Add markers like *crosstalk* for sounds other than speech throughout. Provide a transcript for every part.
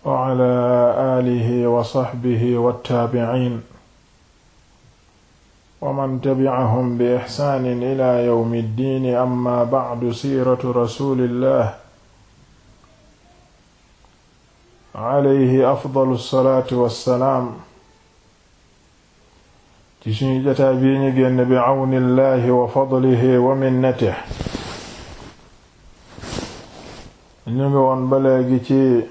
wa ala alihi wa saxbihi wattaabiciin wa man tabicahum bi ixsaanin ila yawmi ddiini amma bacdu siiratu rasuulillah alayhi afdalu salaatu wassalaam ci suñu jataa bii ñi génn bi cawni illahi wa ñu ngi woon ba ci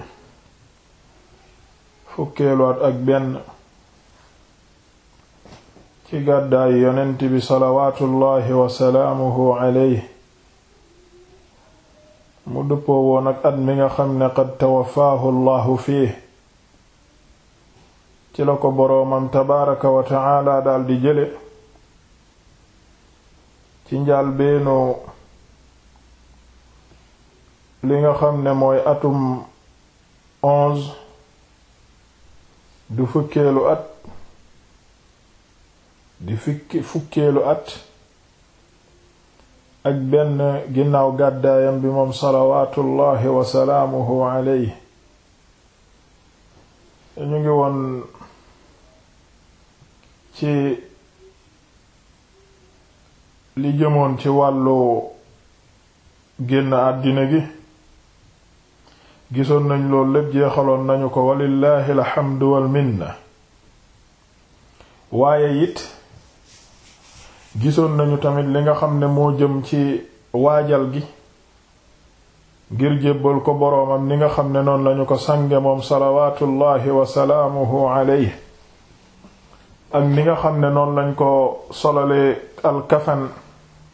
fukkeeluwaat ak benn ci gàddaay yonent bi salawaatullaahi wasalaamuhu alayhi mu dëppoo woon ak at mi nga xam ne qad tawafaahu allahu fiih ci la ko boroomam tabaaraka wa tacaala daldi jële ci njàlbéenu li nga xam ne mooy atum du fukkeelu at di fukki fukkeelu at ak benn ginnaaw gàddaayam bi moom salawaatullahi wa salaamuhu alayhi ñu ngi woon ci li jëmoon ci wàllu génn àddina gi gisoon nañ loolu lépp jeexaloon nañu ko walillahi alhamdu wal minna waaye it gisoon nañu tamit li nga xam ne moo jëm ci waajal gi ngir jébbal ko boroomam ni nga xam ne noon lañu ko sange moom salawaatullaahi wa salaamuhu ak ni nga xam ne noonu lañ ko solale alkafan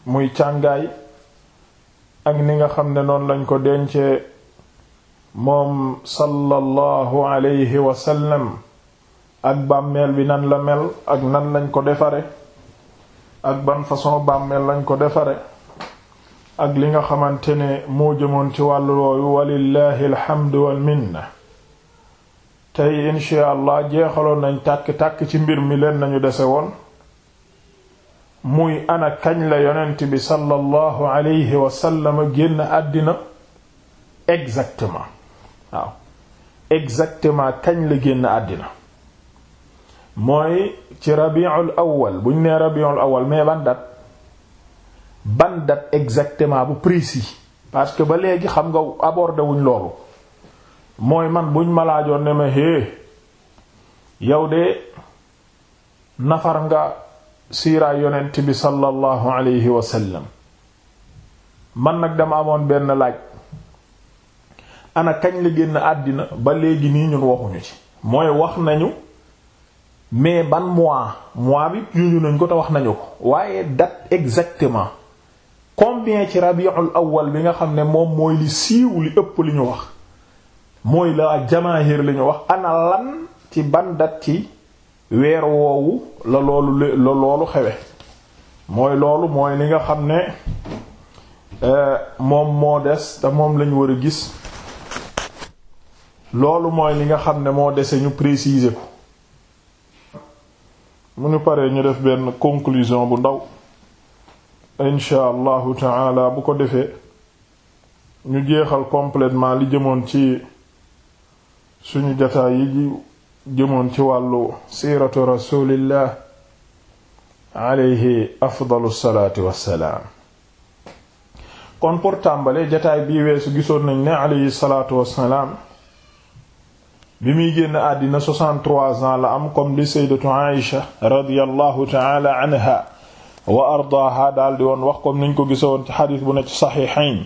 muy càngaay ak ni nga xam ne noonu lañ ko dencee moom sallallahu alayhi wa sallam ak bàmmeel bi nan la mel ak nan lañ ko defare ak ban façon bàmmeel lañ ko defare ak li nga xamante ne moo jëmoon ci wàllu woowu walillahi alhamdu wal minna tey incha allah jeexaloon nañ tàkk-tàkk ci mbir mi leen nañu dese woon muy ana kañ la yonent bi sallallahu alayhi wa sallam génn àddina exactement waaw exactement kañ la génn àddina mooy ci rabiul awal buñ nee rabiul awal mais ban date ban date exactement bu yi parce que ba léegi xam nga abordé wuñ loolu mooy man buñ malaajoon laajoon ne ma hé yow de nafar nga siira yonent bi sallallahu alayhi wa sallam man nag dama amoon benn laaj ana kañ la génn àddina ba léegi nii ñun waxuñu ci mooy wax nañu mais ban mois mois bi yuñu nañ ko te wax nañu ko waaye date exactement combien ci rabiul awwal bi nga xam ne moom mooy li siiw li ëpp li ñu wax mooy la jamaahir li ñu wax ana lan ci ban date ci weer woowu la loolu la loolu xewe mooy loolu mooy li nga xam ne euh, moom moo des te moom lañ war a gis loolu mooy li nga xam ne moo dese ñu préciser ko mu ñu paree ñu def benn conclusion bu ndaw incha allahu taala bu ko defee ñu jéexal completement li jëmoon ci suñu jataay yi jëmoon ci wàllu siiratu rasulillah alayhi afdalu salaatu wassalaam kon pour tàmbale jataay bii weesu gisoon nañ ne alayhi salaatu wassalaam bi muy génn àddina 63 ans la am comme li sayyidatu Aïsha radiyallahu ta'ala anha wa ardaaha daal di woon wax comme niñ ko gisoon ci xadis bu ne ci saxiixayn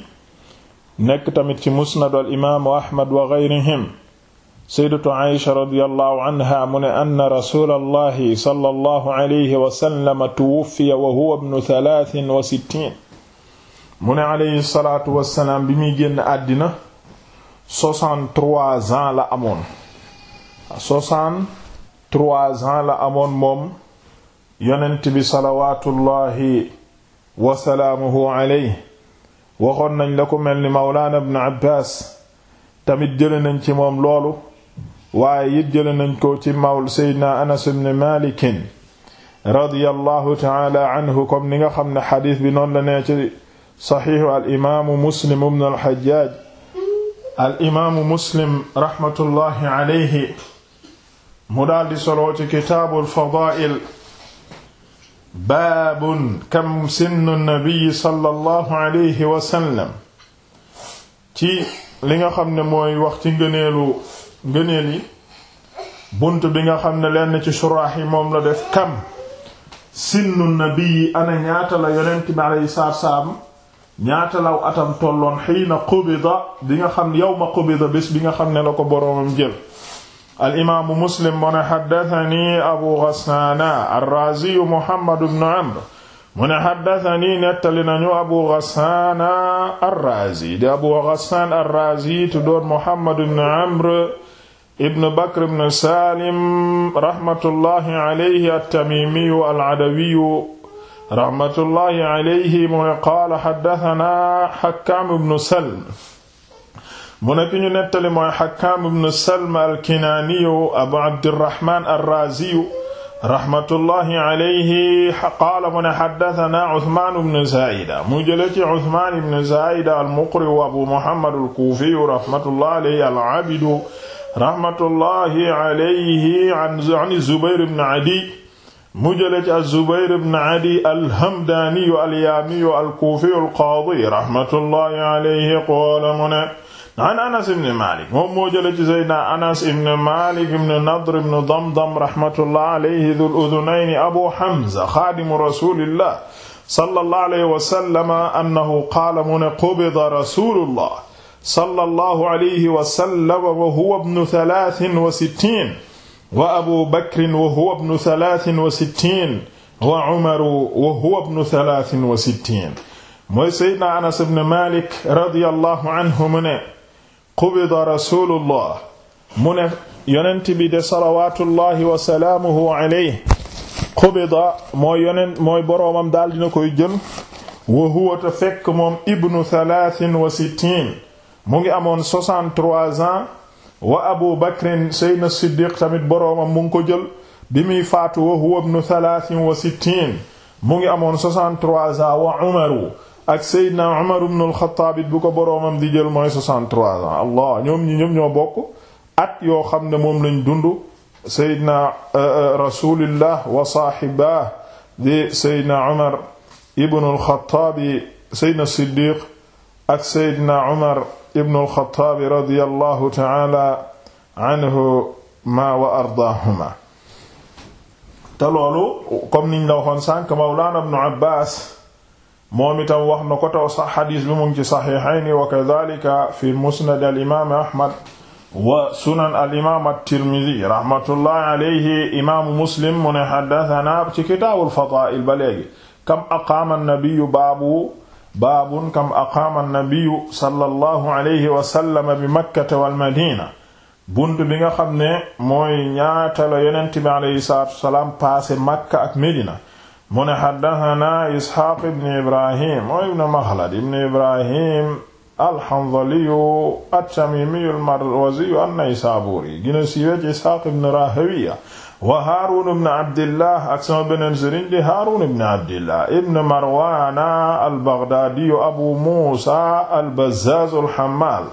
nekk tamit ci musnadu al imaamu Ahmad wa gayrihim sayyidatu Aïsha radiyallahu anha mu ne anna rasulallahi sallallahu alayhi wa sallam tuwuffiya wa huwa ibnu talaatin wa sittiin mu ne alayhi salaatu wa salaam bi muy génn àddina 63 ans la amoon soixante-trois ans la amoon moom yonent bi salawaatullahi wa salaamuhu alayhi waxoon nañ la ko mel ni mawlaana ibn Abbaas tamit jële nañ ci moom loolu waaye it jële nañ ko ci mawl seydna Anas ibn Maalik radiyallahu ta'ala anhu comme ni nga xam ne xadiis bi noonu la nee ci al imaamu Muslim ibn al Hajjaaj al imaamu Muslim raxmatullahi alayhi mu daldi solo ci kitaabul fadaa'il baabun kam sinnu nabiy sallallahu alayhi wa sallam ci li nga xam ne mooy wax ci ngëneelu ngëneel yi bunt bi nga xam ne lenn ci suraax yi moom la def kam sinnu nabiy ana ñaata la yonent bi alayhi salaatu ñaata law atam tolloon xiina qubida bi nga xam ne yawma qubida bés bi nga xam ne la ko boroomam jël alimaamu muslim mu ne xaddatani abu ghassana arraziyu muhammadu bnu amr mu ne xaddatani nettali nañu abu ghassana arrazi di abu ghassan arrazi tu doon muhammadu bnu amr ibn bakr bn salim rahmatullahi alayhi altamimiyu aladawiyu rahmatullahi alayhi mu ne qaala xaddatana xakkaam bnu salm mu nekk ñu nettali mooy Hakkaam ibn Salma al-Kinaaniyu Abu Abdirrahmaan ar-Raaziyu rahmatullahi alayhi qaala mu ne haddathanaa Usmaan ibn Zaa'ida mu jële ci Usmaan ibn Zaa'ida al-Muqri wa Abu Muhammad al-Kuufiyu rahmatullahi alayhi al-Aabidu rahmatullahi alayhi an Zubayr ibn Adiy mu jële ci az-Zubayr ibn Adiy al-Hamdaaniyu al-Yaamiyu al-Kuufiyu al-Qaadi rahmatullahi alayhi qaala mu ne an anas ibn malik moom moo jële ci sayyidina anas ibn malik ibn nadr ibn damdam rahmatullah alayhi dhul udhunayn abu hamza xaadimu rasulillah sallallahu alayhi wa sallam annahu qaala mu ne qubida rasulullah sallallahu alayhi wa sallam wa huwa ibnu talaatin wa sittiin wa abu bakrin wa huwa ibnu talaatin wa sittiin wa umaru wa huwa ibnu talaatin wa sittiin mooy sayyidina anas ibn malik radiyallahu anhu mu ne qubida rasulullah mu ne yonent bi de salawatullahi wa salaamuhu alayhi qubida mooy yonent mooy boroomam daal dina koy jël wa huwa te fekk moom ibnu thalathin wa sittin mu ngi amoon 63 ans wa abu bakrin seydna siddiq tamit boroomam mu ngi ko jël bi muy faatu wa huwa ibnu thalathin wa sittin mu ngi amoon 63 ans wa umaru ak Seydina Umar ibn al-Khattab it bu ko boroomam di jël mooy 63 ans allah ñoom ñi ñoom ñoo bokk at yoo xam ne moom lañ dund Seydina euh, euh, rasulillah wa saahiba di Seydina Umar ibn al-Khattab Seydina Siddiq ak Seydina Umar ibn al-Khattab radiyallahu ta'ala anhuma wa ardaahuma te loolu comme niñ la waxoon sànk Mawlana ibn Abbas moom itam wax na ko taw sax xadiis bi mu ngi ci saxiixayni wa kadalika fi musnad al imaam ahmad wa sunan al imaam at-tirmidi rahmatullahi alayhi imaamu muslim mu ne xaddatanaa ci kitaabul fadaa'il ba léegi kam aqaama nabiyu baabu baabun kam aqaama nabiyu sallallahu alayhi wa sallam bi makkata wal madina bunt bi nga xam ne mooy ñaata la yonent bi alayhi salaatu wa salaam paase makka ak medina mu ne xaddatanaa isxaaq ibni ibrahim mooy ibn maxlad ibni ibrahim alxandaliyu attamimiyu almarwaziyu annaysaabuuri gina siiwe ci isxaaq ibn rahawiya wa haaruun ibn abdillah ak sama beneen sëriñ di haaruun ibn abdillah ibn marwaana albagdaadiyu abu muusa albazzaaz alxammaal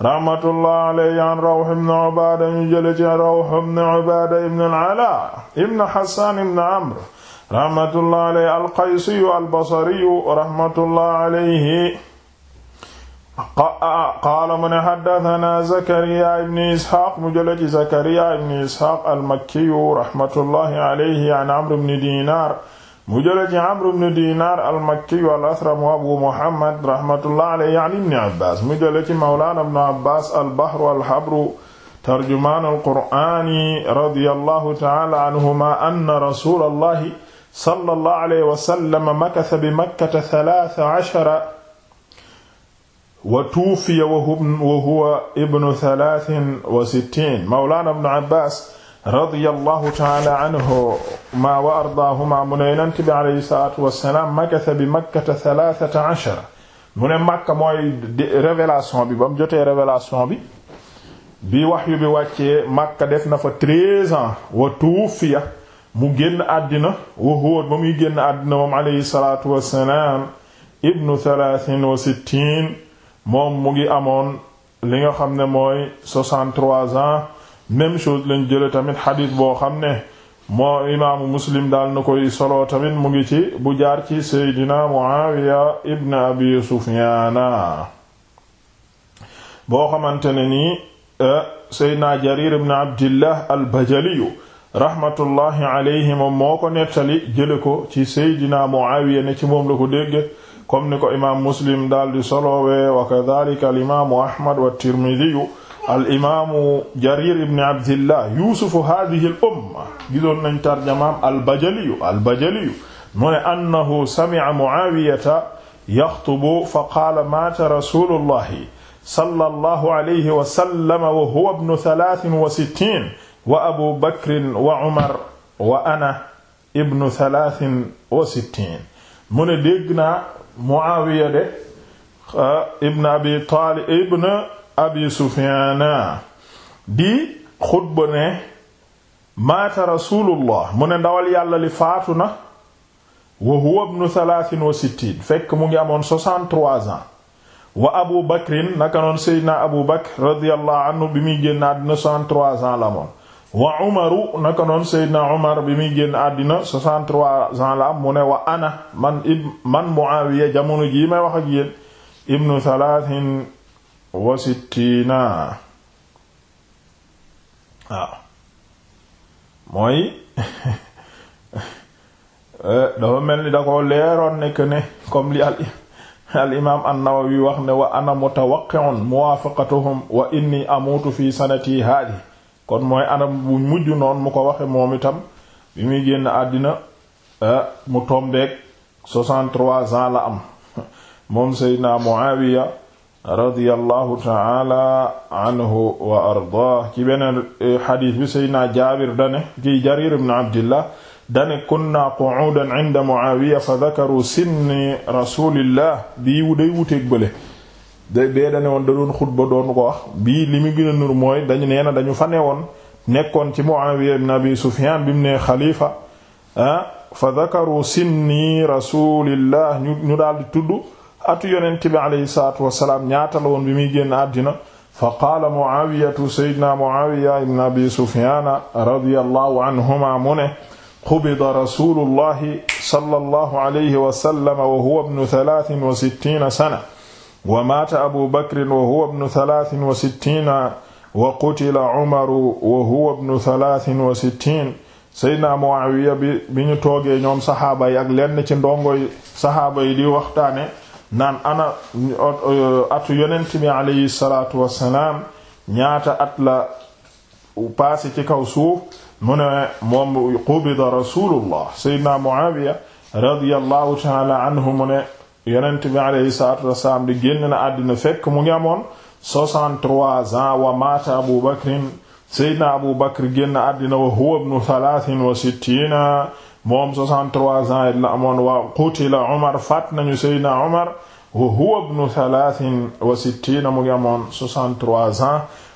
rahmatullah alayhi an Rawh ibn Ubaada ñu jële ci Rawh ibn Ubaada ibn al-Alaa ibn Hassaan ibn Amr rahmatullah alayhi alqaysiyu albasariyu rahmatullah alayhi qaala mu ne xaddatana zakariya ibni isxaaq mu jële ci zakariya ibni isxaaq almakkiyu rahmatullahi alayhi an amr ibni dinar mu jële ci amr ibni dinar almakkiyu alasramu abu muhammad rahmatullah alayhi an ibni abbas mu jële ci mawlaana ibni abbas albahru alhabru tarjumaanu alqur'aani radiyallahu ta'ala anhuma anna rasulallahi sallallahu alayhi wa sallam makasa bi makkata talaata ashara wa tuufiya wa huwa ibnu talaatin wa sittiin mawlaana ibnu abbaas radiyallahu ta'aala anhumaa wa ardaahumaa mu ne yonent bi alayhi salaatu wa salaam makasa bi makkata talaata ashara mu ne Makka mooy révélation bi ba mu jotee révélation bi bi wahyu bi wàccee Makka def na fa treize ans wa tuufiya mu génn àddina wa huwa ba muy génn àddina moom salaatu wassalaam ibnu moom mu ngi amoon li nga xam ne mooy 63 ans même chose lañ jële tamit xadis boo xam ne moo imaamu muslim daal na koy solo tamit mu ngi ci bu jaar ci seydina muawiya ibn abi sufyaana boo xamante ne nii eh, seydina jarir ibn abdillah al bajaliyu rahmatullahi alayhi moom moo ko nettali jële ko ci seydina Muawiya ne ci moom la ko dégge comme ni ko imaam Muslim daal di solowee wa kadhalika al imaamu Ahmad wa Tirmidhi al imaamu Jarir ibn Abdillah yuusufu hadhihi al umma gisoon nañ tarjamaam al bajaliyu al bajaliyu mu ne annahu sami'a Muawiyata yaxtubu fa qaala maata rasulullahi sallallahu alayhi wa sallam wa huwa ibnu thalaath wa sittiin wa abu bakrin wa umar wa ana ibnu thalathin wa sittin de ah, ibn abi taalib ibn abi sufiana di xutba ne maata rasulullah mu ne ndawal yàlla li faatu na wa huwa ibnu thalathin fekk mu ngi amoon 63 ans wa abu bakrin naka noon seydina abu bakr radiyallahu anhu bi muy génn àddina 63 ans wa umaru naka noon seydna umar bi muy génn àddina 63 ans la mu ne wa ana man ib man muawiya jamono jii may wax ak yéen ibnu thalathin waaw mooy *laughs* eh, dafa mel ni da ko leeroon nekk ne comme li al imaam an-nawawi wax ne wa ana mutawaqqi'un muwaafaqatuhum wa inni amutu fi sanati haadihi kon mooy anam bu mujj noon mu ko waxe moom itam mu muy génn àddina ah, mu tombeek 63 ans la am *laughs* moom seydna Muawiya radiyallahu taala anhu wa ardah ci beneen eh, xadiis bi seydna Jaabir dane ci Jarir ibn Abdillah dane kunna qu'udan inda Muawiya fa dakaru sinni rasulillah bii day wuteeg bële day bee da ne woon doon xutba doon ko wax li mu gën a nur mooy dañu nee na dañu fane won woon nekkoon ci Muawiya ibn Abi Sufyan bi mu nee xalifa ah fa dakaru sinni rasulillah ñu ñu daal di tudd atu yonent bi alayhi salaatu wasalaam ñaata la woon bi muy génn àddina fa qaala Muawiyatu sayyidina Muawiya ibn Abi Sufyan radiyallahu anhuma mu ne qubida rasulullahi sallallahu alayhi wa sallam wa huwa ibnu thalaathin wa sittiina sana wa maata abu bakrin wa huwa bnu talaatin wa sittiina wa qutila umaru wa huwa bnu talaatin wa sittiin muawiya bi bi ñu toogee ñoom saxaaba yi ak lenn ci ndongoy saxaaba yi di waxtaane naan ana atu yonent bi alayhi salaatu ñaata at la paase ci kaw suuf mu rasulullah seydna muawiya radiyallahu taala anhu yonent bi alayhi salaatu di génn na àddina fekk mu ngi amoon 63 ans wa maata abu bakrin seydna abu bakr génn àddina wa huwa ibnu thalathin wa sittina moom 63 ans amoon wa qutila umar faat nañu seydna umar wa huwa ibnu thalathin wa mu ngi amoon 63 ans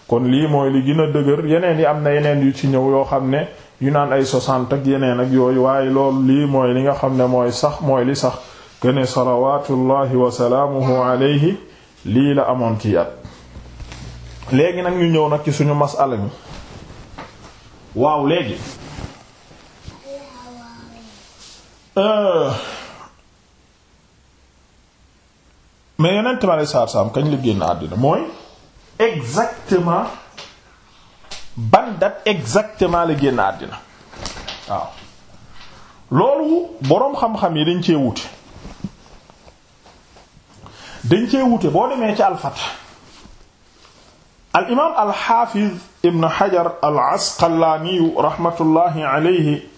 kon lii mooy li gën a dëgër yeneen yi am na yeneen yu ci ñëw yoo xam ne yu naan ay 60 ak yeneen ak yooyu waaye loolu lii mooy li nga xam ne mooy sax mooy li sax kene salawaatullahi wa salaamuhu alayhi lii la amoon ci yat léegi nag ñu ñëw nag ci suñu masala mi waaw léegi euh, mais yonent ma lay saar saam kañ li génn àddina mooy exactement ban exactement la génn àddina waaw loolu boroom xam-xam yi dañ cee wuti dañ cee wute boo demee ci alfat al imaam al xaafiz ibn xajar al asqalaaniyu raxmatullaahi aleyhi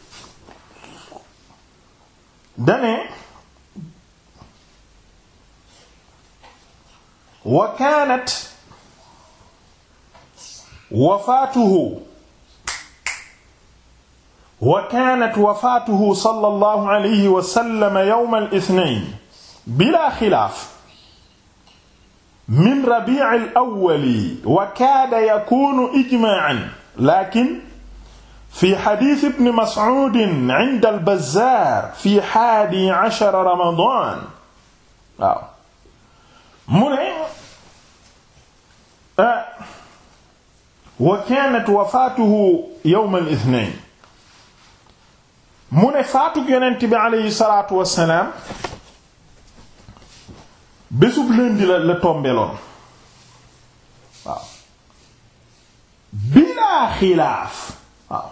dane wa kaanat wafaatuhu wa kaanat wafaatuhu sallallahu alayhi wa sallam yawmal ithnayn bilaa xilaaf min rabi'il awwali wa kaada yakuunu ijmaa'an laakin fi xadiis ibn Mas'uud inda al-Bazzaar fi haadi ashara Ramadaan waaw mu ne ah, wa kaanat wafaatuhu yawm al-ithnayn mu ne faatug Yonent bi alayhi salaatu wa salaam bésub lundi la la tombeloon waaw bilaa xilaaf waaw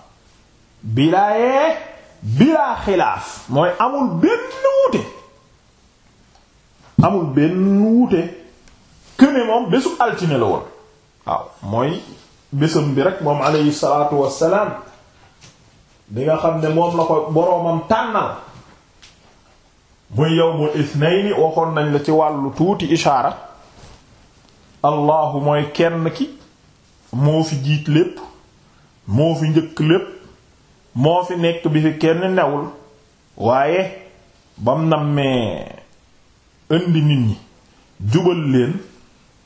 bilaa bilaa xilaaf mooy amul benn wuute amul benn wuute këne moom bésub altine la woon waaw mooy bésam bi rek moom alayhi salaatu wassalaam bi nga xam ne moom la ko boroomam tànnal muy yawmul isnayni waxoon nañ la ci wàllu tuuti ishaara allahu mooy kenn ki moo fi jiit lépp moo fi njëkk lépp moo fi nekk bi fi kenn newul waaye bam nammee indi nit ñi jubal leen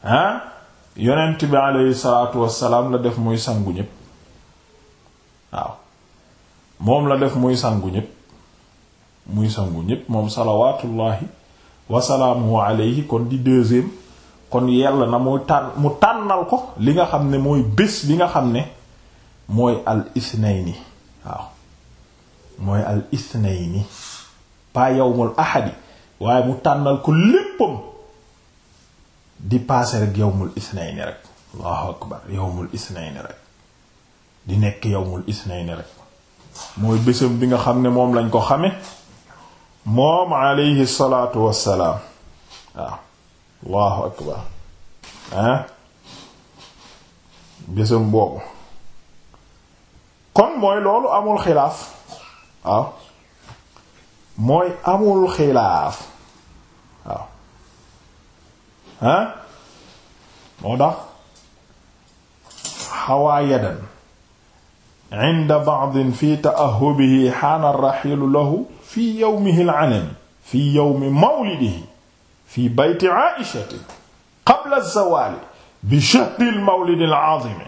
ah yonent bi aleyhi salaatu wassalaam la def muy sangu ñépp waaw moom la def muy sangu ñépp muy sangu ñépp moom salawaatullahi wasalaamuhu alayhi kon di deuxième kon yàlla na muy tànn mu tànnal ko li nga xam ne mooy bés bi nga xam ne mooy al isnayni waaw mooy al isnayni pas yawmul ahadi waaye mu tànnal ko léppam di paase rek yawmul isnayni rek allahu akbar yawmul isnayni rek di nekk yawmul isnayni rek mooy bésam bi nga xam ne moom lañ ko xame moom aleyhi salaatu wassalaam waaw ah, allahu akbar ah bésam boobu kon mooy loolu amul xilaaf waaw ah, mooy amul xilaaf waaw ah, ah moo tax xawaa yadan inda ba'd fi ta'ahhubihi haana ar-rahiil lahu fii yawmihi al-anam fii yawmi mawlidihi fii bayti Aïshati qabla az-zawali bi shahri al-mawlid al-azim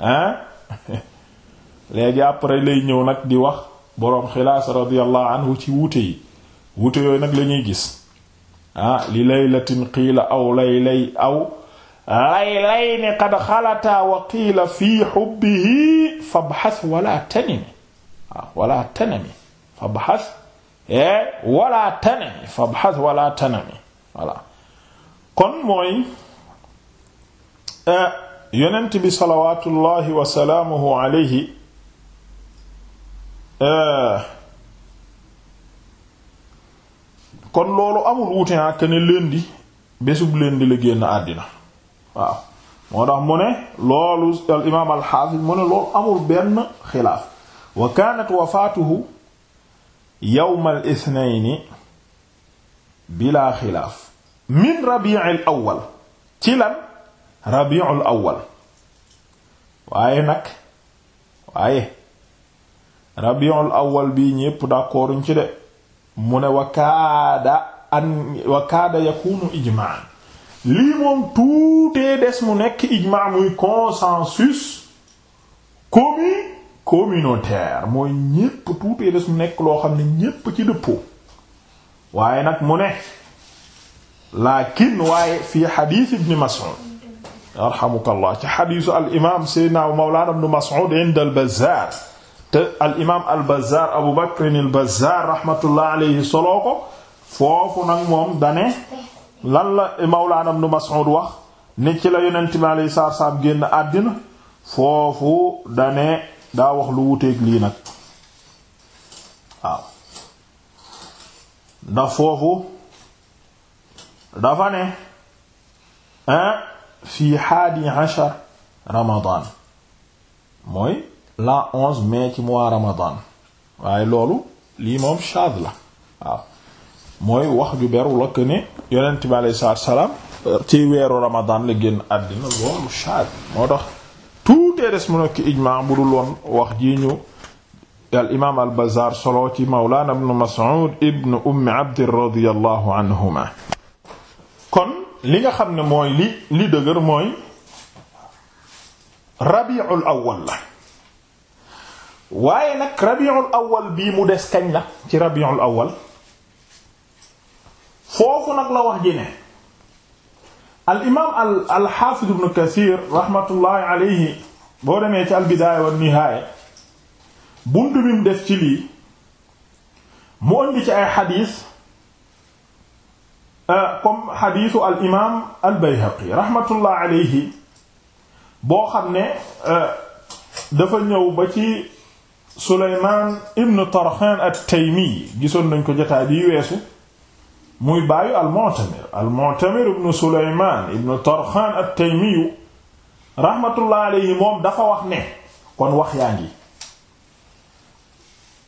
ah *laughs* léegi après lay ñëw nag di wax boroom xilaas radiyallahu anhu ci wuute yi wuute yooyu nag la ñuy gis ah li laylatin qiila aw laylay aw laylayni qad xalata wa qiila fii hubbihi fabhas wala tanami ah, wala tanami fabhas eh wala tanami fabhas wala tanami voilà kon mooy e, yonent bi salawatullahi wa salaamuhu e, kon loolu amul wuute ak ne lundi bésub lundi la génn àddina waaw moo tax mu loolu al imaam al loolu amul benn xilaaf wa kaanat wafaatuhu yawmal isnayni bilaa xilaaf min rabi'il awwal ci lan rabi'ul awwal waaye nag waaye rabi'ul awwal bi ñépp d'accord ñu ci de mu ne wa an wa kaada ijmaa lii moom tuutee des mu nekk ijmaa muy consensus commun communautaire mooy ñépp tuutee des mu nekk loo xam ne ñépp ci dëppoo waaye nag mu ne laakin waaye fii xadiis ibn Mas'ud arhamukallah ci xadiisu al imaam Seydina Mawlana ibn Mas'ud la Mawlana ibn wax ni ci la yonent bi alayhi salaam génn àddina foofu dane daa wax lu wuteeg lii nag waaw ndax foofu dafa ne fii haadi ashar mooy la onze mai ci mois ramadan waaye loolu lii moom shaad la mooy wax ju beru la que ne yonent bi alayhi salaam ci weeru ramadan la génn loolu shaad moo tax tuutee des mu nekk ijmaa bu dul woon wax ji ñu al imaam al bazaar solo ci mawlaana ibnu mas'ud ibnu ummi abdin radiyallahu anhuma kon li nga xam ne mooy li li dëgër mooy rabiul awwal la waaye nag rabiul awwal bii mu des kañ la ci rabiul awwal foofu nag la wax al imaam al al xaafid Kathir rahmatullahi alayhi boo demee ci al bidaaya wa nihaaya buntu bi def ci lii mu indi ci ay xadiis euh, comme xadiisu al imaam al Bayhaqi rahmatullahi alayhi boo xam ne euh, dafa ñëw ba ci Sulaymaan ibn Tarxaan at-Taymi gisoon nañ ko jotaay bi weesu. muy baayu al-Mu'tamir al-Mu'tamir ibn Sulaymaan ibn Tarxaan moom dafa wax ne kon wax yaa ngi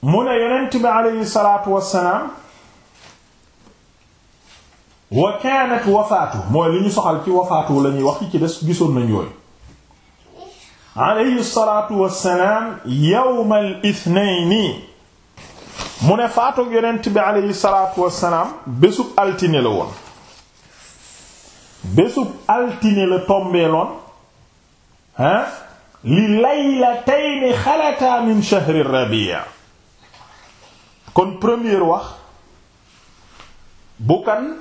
mu ne yonent bi alayhi salaatu wassalaam wa kaanat wafaatu mooy li ñu soxal ci wafaatu lañuy ñuy wax ci des gisoon nañ yooyu alayhi salaatu wassalaam yawmal ithnayni mu ne faatoog geneent bi aleyhi salaatu wassalaam bésub altine la woon bésub altine la tombeeloon hein li laylatayni xalataa min shahri rabi'a kon première wax bu kan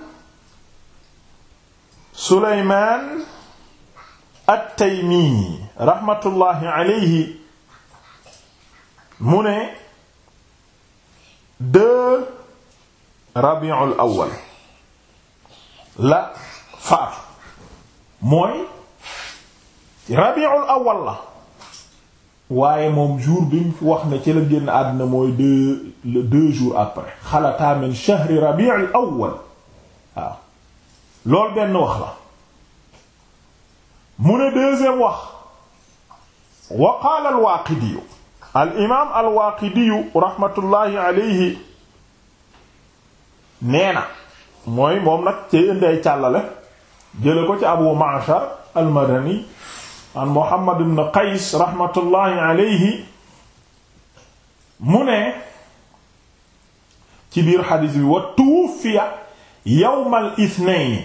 Sulaymaan at-Taymi rahmatullahi aleyhi mu ne deux rabiul awal la faatu mooy rabiul awal la waaye moom jour bi wax ne ci la génn àddina mooy deux le deux jours après xalataa min shahri rabiul awal waaw loolu benn wax la mu ne deuxième wax wa qaala al-Waaqidi al imaam al waaqidiyu rahmatullahi alayhi nee mooy moom nag ci indi càllale jële ko ci abu ma'shar al madani an muhammad ibn qays rahmatullahi alayhi mu ne ci biir xadiis bi wa tuwuffiya yawmal ithnayn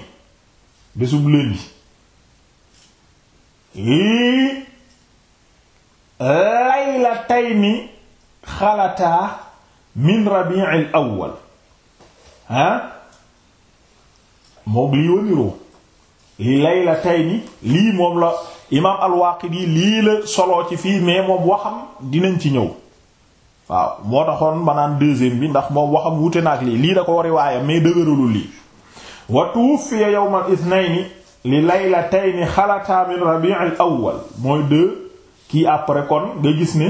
bésub lëndi laylatayni xalataa min rabi'il awwal ah moog lii waniroo lii moom la imaam al-Waaqidi lii la soloo ci fii mais moom waxam dinañ ci ñëw waaw moo taxoon ma naan bi ndax moom waxam wute na ak lii lii da ko riwaaya mais dëgëralul lii wa tuwuffiya yawmal ithnayni li laylatayni xalataa min rabi'il awwal mooy deux kii après kon nga gis ni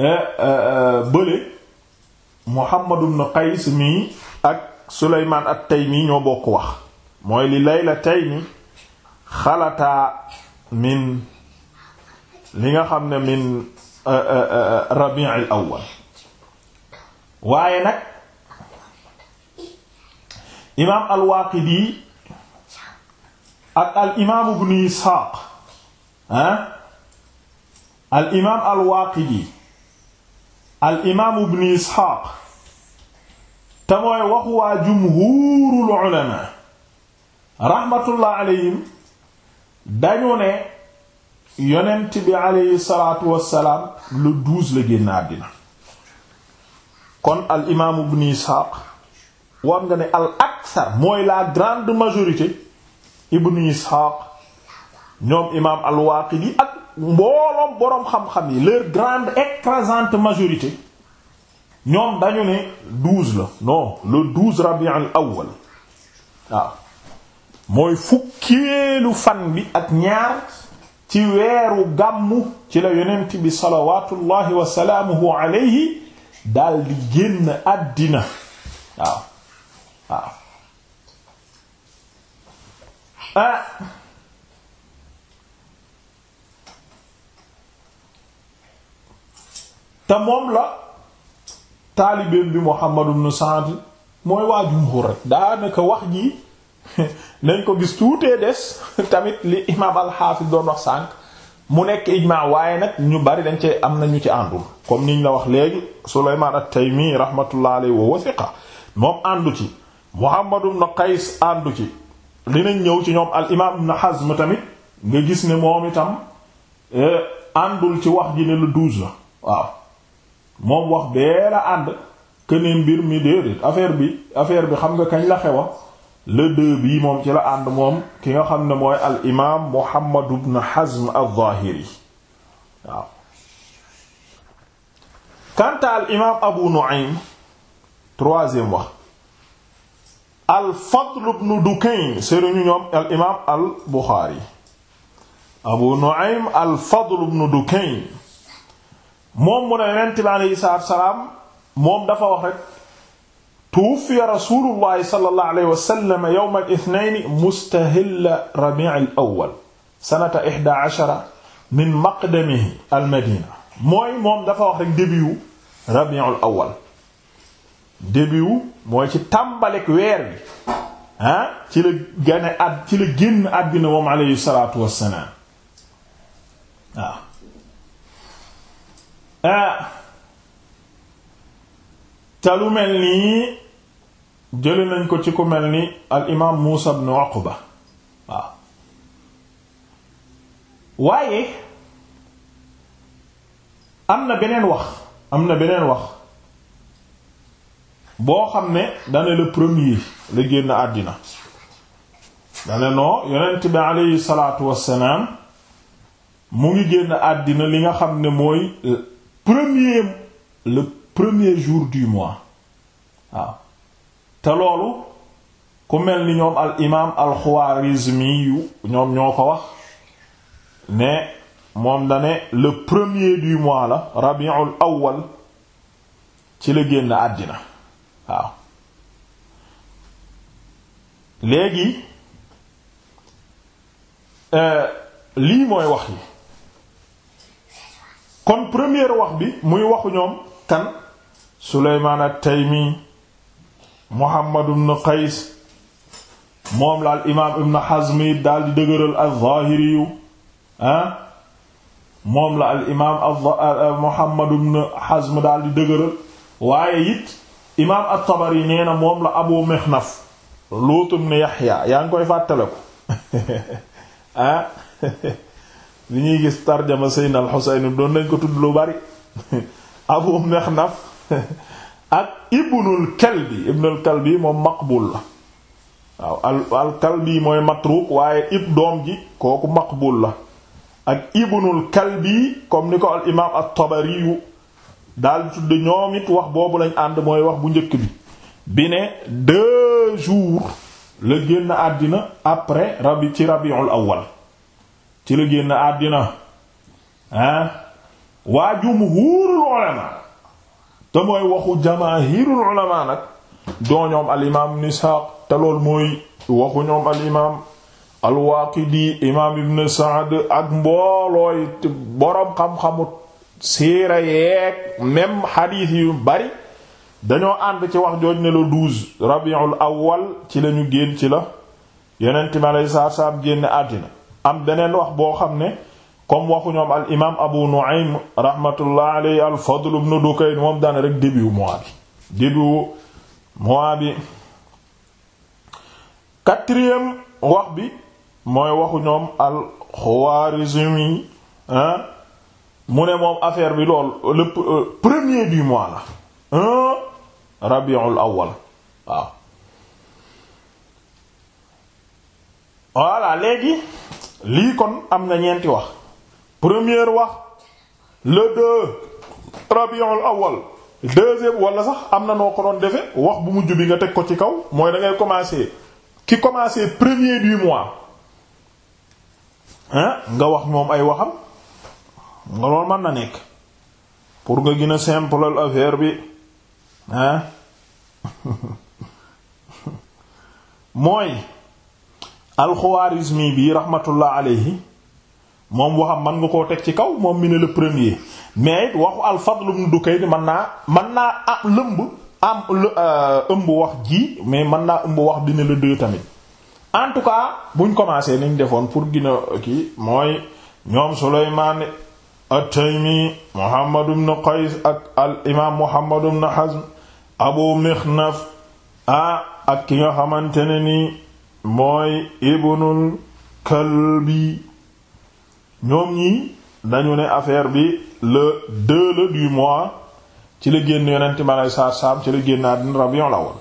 eh, eh, eh, bële Muhammad ibn Qays mi ak Sulaymaan at-Taymi ñoo bokk wax mooy li layla taymi xalataa min li nga xam ne min rabi' al-awwal waaye nag imaam al-Waaqidi ak al imaam ibn Isxaaq ah, al imaam al waaqidi al imaam ibn isxaaq te mooy wax waa jumhuurul ulamaa raxmatullah alayhim dañu ne yonent bi aleyhi salaatu wassalaam le douze la génn kon al imaam ibn isxaaq war nga ne al aksar mooy la grande majorité ibn isxaaq ñoom imaam al waaqidi mbooloom boroom xam-xam yi leur grande écrasante majorité ñoom dañu ne douze la non le douze rabi al mooy fukkeelu fan bi ak ñaar ci weeru gàmmu ci la yonent bi salawatullahi wa salaamuhu alayhi daal di génn àddina waaw waaw ah te moom la taalibeem bi Muhammad nu Sa'd mooy waa jumhur rek daanaka wax ji *laughs* nañ ko gis tuutee des *laughs* tamit li imaam al doon wax sànq mu nekk ijmaa waaye nag ñu bari dañ ci am nañu ci àndul comme niñ la wax léegi Sulaymaan at-Taymi rahmatullah alayhi wa wasiqa moom àndu ci Muhammad ibn Qays àndu ci dinañ ñëw ci ñoom al imaam ibn Hazm tamit nga gis ne moom itam eh, àndul ci wax ji ne lu douze la waaw moom wax bee la ànd kënee mbir mi déedéet affaire bi affaire bi xam nga kañ la xewa le deux bii moom ci la ànd moom ki nga xam ne mooy al imaam Muhammad ibn al-Zahiri waaw kanta al imaam Abu Nu'aym troisième wax al Fadl ibn Dukayn sëriñu ñoom al al Bukhari Abu Nu'aym al Fadl ibn Dukayn moom mu ne yonent bi aleyhi salaatu salaam moom dafa wax rek tuwuffiya rasulullahi sallallahu alayhi wa sallam yawma al-ithnayni mustahilla rabi' al-awwal sanata ihda ashara min maqdamihi al-madina mooy moom dafa wax rek début wu rabi' al-awwal début wu mooy ci tàmbalik weer bi ah ci la gane at ci la génn àddina moom aleyhi salaatu wassalaam waaw ah te lu mel nii jële nañ ko ci ku mel ni al imaam Muusa ibn Uqba waaw waaye am na beneen wax am na beneen wax boo xam ne dane le premier la génn àddina dane noo yonent bi aleyhi salaatu wassalaam mu ngi génn àddina li nga xam ne mooy premier le premier jour du mois waaw te loolu ku mel ni ñoom al imaam al Khwarizmi yu ñoom ñoo ko wax ne moom dane le premier du mois la rabiul awwal ci la génn àddina waaw léegi euh, lii mooy wax yi kon première wax bi muy waxu ñoom kan Sulaymaan at-Taymi Muhammad ibn Qays moom la al imaam ibn Hazm daal di dëgëral az-Zaahiri ah moom la al imaam euh, Muhammad ibn Hazm daal di dëgëral waaye it imaam at-Tabari nee moom la Abu Mikhnaf Luut ibn Yahya yaa ngi koy fàttale ko *laughs* ah *laughs* li ñuy gis tarjama Seydina al-Husayn doon nañ ko tudd lu bari *laughs* Abu Nakhnaf *laughs* ak Ibnul Kalbi Ibnul Kalbi moom maqbul la waaw al al Kalbi mooy matruk waaye Ibnul Kalbi comme ni ko al imaam at-Tabari yu daal tudd ñoom it wax boobu lañ ànd mooy wax bu njëkk bi bi ne deux jours la génn àddina après rabi ci rabiul awal ci la génn àddina ah waa jumhuurul ulama te mooy waxu jamaahirul ulama nag doo ñoom al imaam ibn te lool mooy waxu ñoom al imaam al Waaqidi imaam ibn Saad ak mboolooy boroom xam-xamu siira yeeg même xadiis yu bari dañoo ànd ci wax jooj ne la douze rabiul awwal ci lañu génn ci la yonent mi alayhi salaam génn àddina am beneen wax boo xam ne comme waxu ñoom al imaam Abu Nu'aym rahmatullah alayhi al Fadl ibn Dukayn moom daan rek début mois bi début mois bi quatrième wax bi mooy waxu ñoom al Khwarizmi hein mu ne moom affaire bi lool le euh, premier du mois la hein Rabiul waaw voilà léegi lii kon am na ñeenti wax première wax le deux rabiul awal deuxième wala sax am na noo ko doon defe wax bu mujj bi nga teg ko ci kaw mooy da ngay commencer ki commencer premier du mois hein nga wax moom ay waxam nga loolu mën na nekk pour nga gën a simple affaire bi *laughs* mooy alxuwaarismi bi rahmatullah alayhi moom waxam man nga koo teg ci kaw moom mi ne le premier mais it waxu al-Fadl ibn Dukayn mën naa man naa am lëmb am euh, ëmb wax ji mais mën naa ëmb wax dina la deux tamit en tout cas buñ commencé niñ defoon pour gën a kii mooy ñoom Sulaymaan at-Taymi Muhammad ibn Qays ak al imaam Muhammad ibn Hazm Abu Mikhnaf ah ak ki nga xamante ne nii. mooy ibnul kalbi ñoom ñi dañu ne affaire bi le deux le du mois ci la génn yonent ma saar saam ci la génn àddina rabion la woon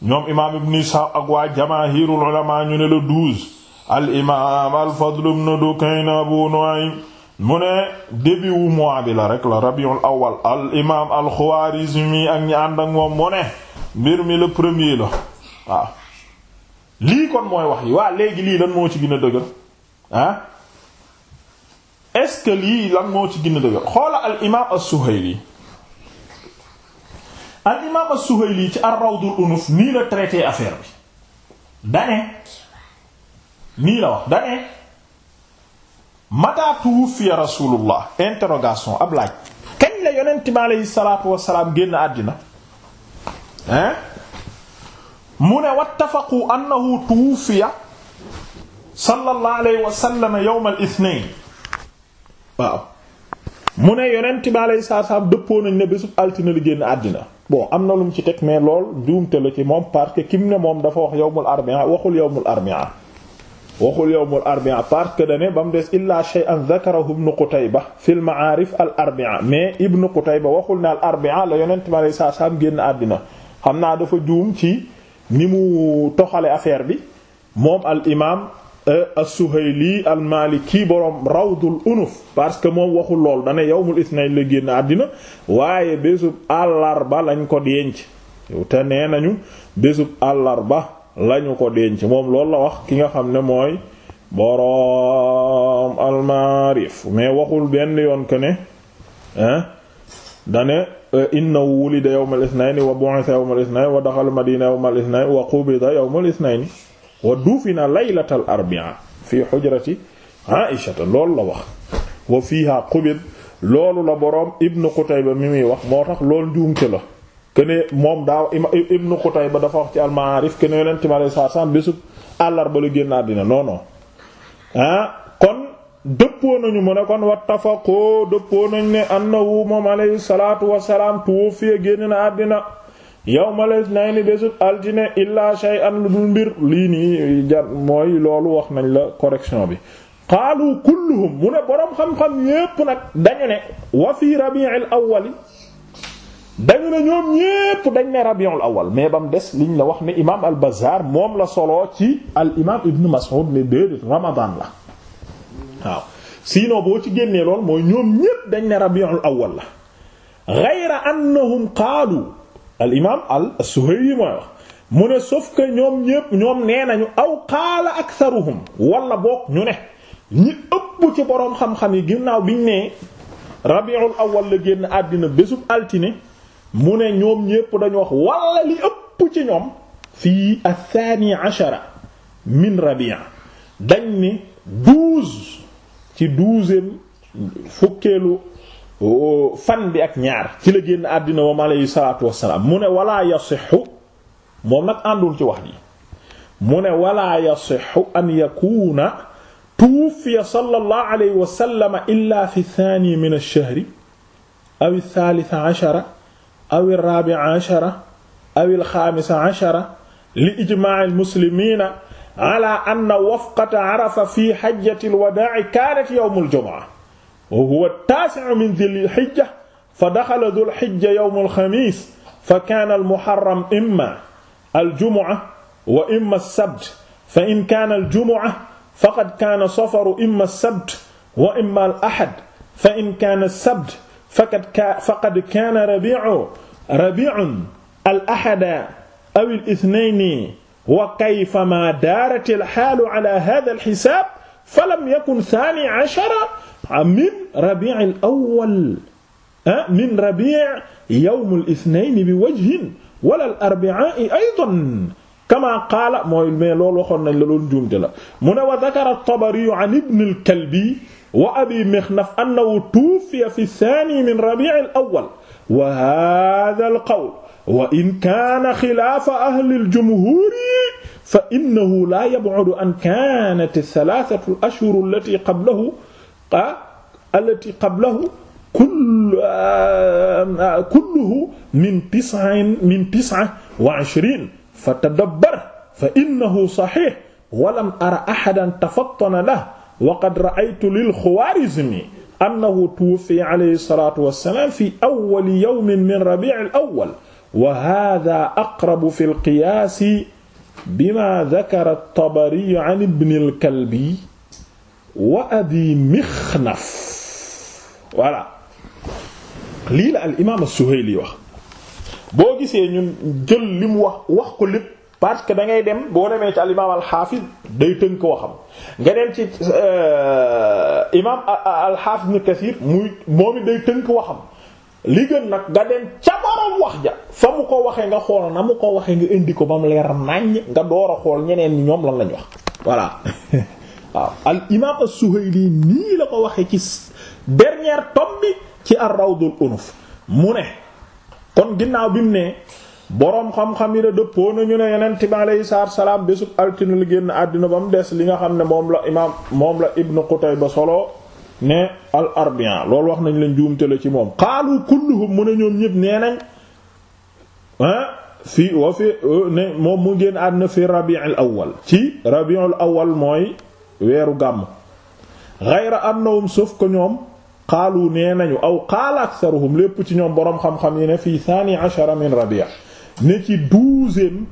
ñoom imaam ibn Isaaq ak waa jamaahirul ulamaa ñu ne le douze al imaam al Fadl ibn Dukayn Abu Nu'aym mu ne début mois bi la rek la rabiul awal al imaam al Xawarizmi ak ñi ànd ak moom mu ne mbir mi le premier la lii kon mooy wax yi waa léegi lii lan moo ci gën a dëgër ah est lii lan moo ci gën a dëgër xoola al imaam as-Suhayli al imaam as-Suhayli ci araw rawdul Unuf nii la traité affaire bi dane nii la wax dane mata tuwuffiya rasulullah interrogation ab laaj kañ la yonent bi aleyhi salaatu wassalaam génn àddina hein mu ne wattafaqu annahu tuwuffiya sallallahu alayhi wa sallam yawm al ithnain waaw mu ne yonent bi alayhi salaam dëppoo nañ ne bésub altine la génn àddina bon am na lu mu ci teg mais lool juumte la ci moom parce que kim ne moom dafa wax yawmul arbi'a waxul yawmul arbi'a waxul yawmul arbi'a parce que dane ba mu des illa shay'an dhakarahu ibn Qutayba fil ma'arif al arbi'a mais ibn Qutayba waxul ne al arbi'a la yonent bi alayhi salaam génn àddina xam naa dafa juum ci ni mu toxale affaire bi moom al imaam e, as-Suhayli al-Maliki borom rawdul unuf parce que moom waxul lool dane yawmul ithnayn la génn àddina waaye bésub àllarba lañ ko denc te nee nañu bésub àllarba lañu ko denc moom loolu la wax ki nga xam ne mooy borom al-Ma'rif mais waxul benn yoon que ne dane Euh, innahu wulida yawmal ithnayn wa bu'itha yawmal ithnayn wa daxala madina yawmal ithnayn wa qubida yawmal ithnayn wa dufina laylatal arbi'a fi hujrati Aisha loolu la wax wa fiha qubid loolu la boroom Ibn Qutayba mi muy wax moo tax loolu njuumte la kene moom daa Ibn Qutayba dafa wax ci al-Ma'arif kene yonent mi alayhi salaatu wa salaam bésub àllarba la génn àddina non non ah, kon dëppoo nañu mu ne kon wattafaqoo dëppoo nañu ne annahu moom alayhi salaatu wassalaam tuwuffiya génn na àddina yawmal ithnayn bésu altine illaa shay'an lu dul mbir lii nii jar mooy loolu wax nañ la correction bi qaalu kulluhum mu ne boroom xam-xam yépp nag dañu ne wa fi rabi'il awwal dañu ne ñoom ñépp dañ ne rabiul awal mais ba des liñ la wax ne imaam al-Bazzar moom la soloo ci al imaam Ibn Mas'ud ne déedéet Ramadan la waaw sinon boo ci génnee lool mooy ñoom ñépp dañ ne rabiul awwal la ghayra annahum mu ne sauf que ñoom ñépp ñoom nee nañu aw qaala aktharuhum wala boog ñu ne ñi ci boroom xam yi ginnaaw biñ nee rabiul awwal la génn àddina bésub altine mu ne ñoom ñépp dañu wax wala li ëpp ci ñoom fii athani ashara min rabia dañ ne douze ci douzième fukkeelu euh, fan bi ak ñaar ci la génn àddina moom aleyhi salaatu wassalaam mu ne wala yasixu moom nag àndul ci wax ji mu ne wala yasixu an yakuna tuwuffiya sallallahu alayhi wa sallam illa fi thani min ash-shahri aw ath-thalitha ashara aw ar-rabi'a ashara aw al-khamisa'a ashara li ijma'i al-muslimina ala anna wafqata arafa fi hajjati alwadaa'i kaanat yawm aljumaa wa huwa taasi'u min dhil hijja fa daxala dhul hijja yawm alxamiis fa kaana almuharram imma aljumaa wa imma as-sabt fa in kaana aljumaa faqad kaana safaru imma as-sabt wa imma al-ahad fa in kaana as-sabt faqad kaana rabii'u rabii'un al-ahada aw al-ithnayni wa kayfa ma daarat alxaalu ala hada alxisaab fa lam yakun saani ashara min rabiic alawwal min rabiic yawm alithnayni bi wajhin wala alarbicaai aydan kama qaala mooy mais loolu waxoon nañ la loolu njuumte la mu ne wa dakara altabariyu an ibn alkalbi wa abi mixnaf annahu tuwuffiya fi althani min rabiic alawwal wa hada alqawl wa in kaana xilaafa ahli al-jumhuuri fa innahu laa yab'udu an kaanat ath-thalaathatu al-ashhur allati qablahu ah, allati qablahu ah, kulluhu min tis'in min tis'a wa 'ishriin fa tadabbar fa innahu sahih wa lam ara ahadan tafattana lahu wa qad ra'aytu lil-khawaarizmi annahu tuwuffiya alayhi salaatu wa salaam fi awwali yawmin min rabi'il awwal wa haadaa aqrabu fi lqiyaasi bima dakara at-Tabari an al-Kalbi wa Abi Mixnaf voilà lii la al imaam as-Suhayli wax boo gisee ñun jël li wax wax ko lépp parce que da ngay dem boo demee ci al day tënk waxam nga dem euh, al-Xaafis Ibn Kasiir muy moom it day tënk waxam. li gën nag nga dem ca borom wax ja fa mu ko waxee nga xool na mu ko waxee nga indi ko ba mu leer naññ nga door a xool ñeneen ñi ñoom lan lañ wax voilà *laughs* waaw al imam as-Suhayli nii la ko waxee ci dernier tome bi ci ar-Rawdul Unuf mu ne kon ginnaaw bi mu ne boroom xam-xam yi da dëppoo ñu ne yonent bi aleyhi salaatu salaam bésub altine li génn àddina ba mu des li nga xam ne moom la imaam moom la Ibn ba solo ne al arbian loolu wax nañu la njuumte la ci moom xaalu kulluhum mu ne ñoom ñëpp nee nañ ah, fii wa fi ne moom mu génn àddina fi rabi'ul awwal ci rabi'ul awwal mooy weeru gàmm ghayra annahum sauf ko ñoom xaalu nee nañu aw qaala aktharuhum lépp ci ñoom boroom xam-xam yi ne fii thani ashara min rabi' ne ci douzième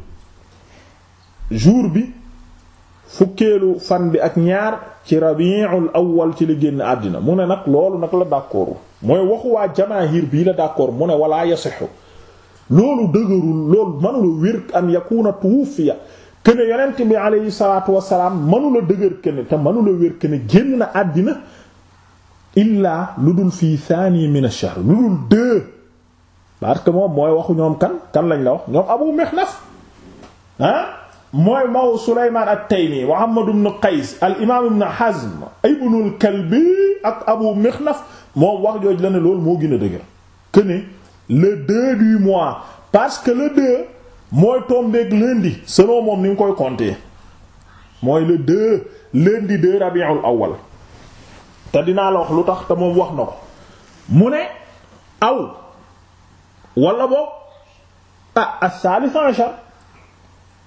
jour bi fukkeelu fan bi ak ñaar ci rabiul awwal ci la génn àddina mu ne nag loolu nag la d'accord mooy waxu waa jamaahir bii la d'accord mu ne walaa yasixu loolu dëgërul loolu mënula wér an yakuna tuwufiya kene yonent bi aleyhi salaatu wasalaam mënula dëgër kene te mënula wér kene génn na àddina illaa lu dul fii thani min ash-shahr lu dul deux parce que moom mooy waxu ñoom kan kan lañ la wax ñoom abu mixnaf ah mooy maw Sulaymaan at-Taymi Muhammad ibn Qays al imaam ibn Hazm ibn al ak Abu Mikhnaf moom wax jooj la ne loolu moo gën a dëgër que ne le du mois parce que le deux mooy tombeeg lundi selon moom ni nga koy compter mooy le deux lundi deux Rabiul Awwal te dinaa la wax lu tax te moom wax na ko mu ne aw wala boog ah as-salis ashar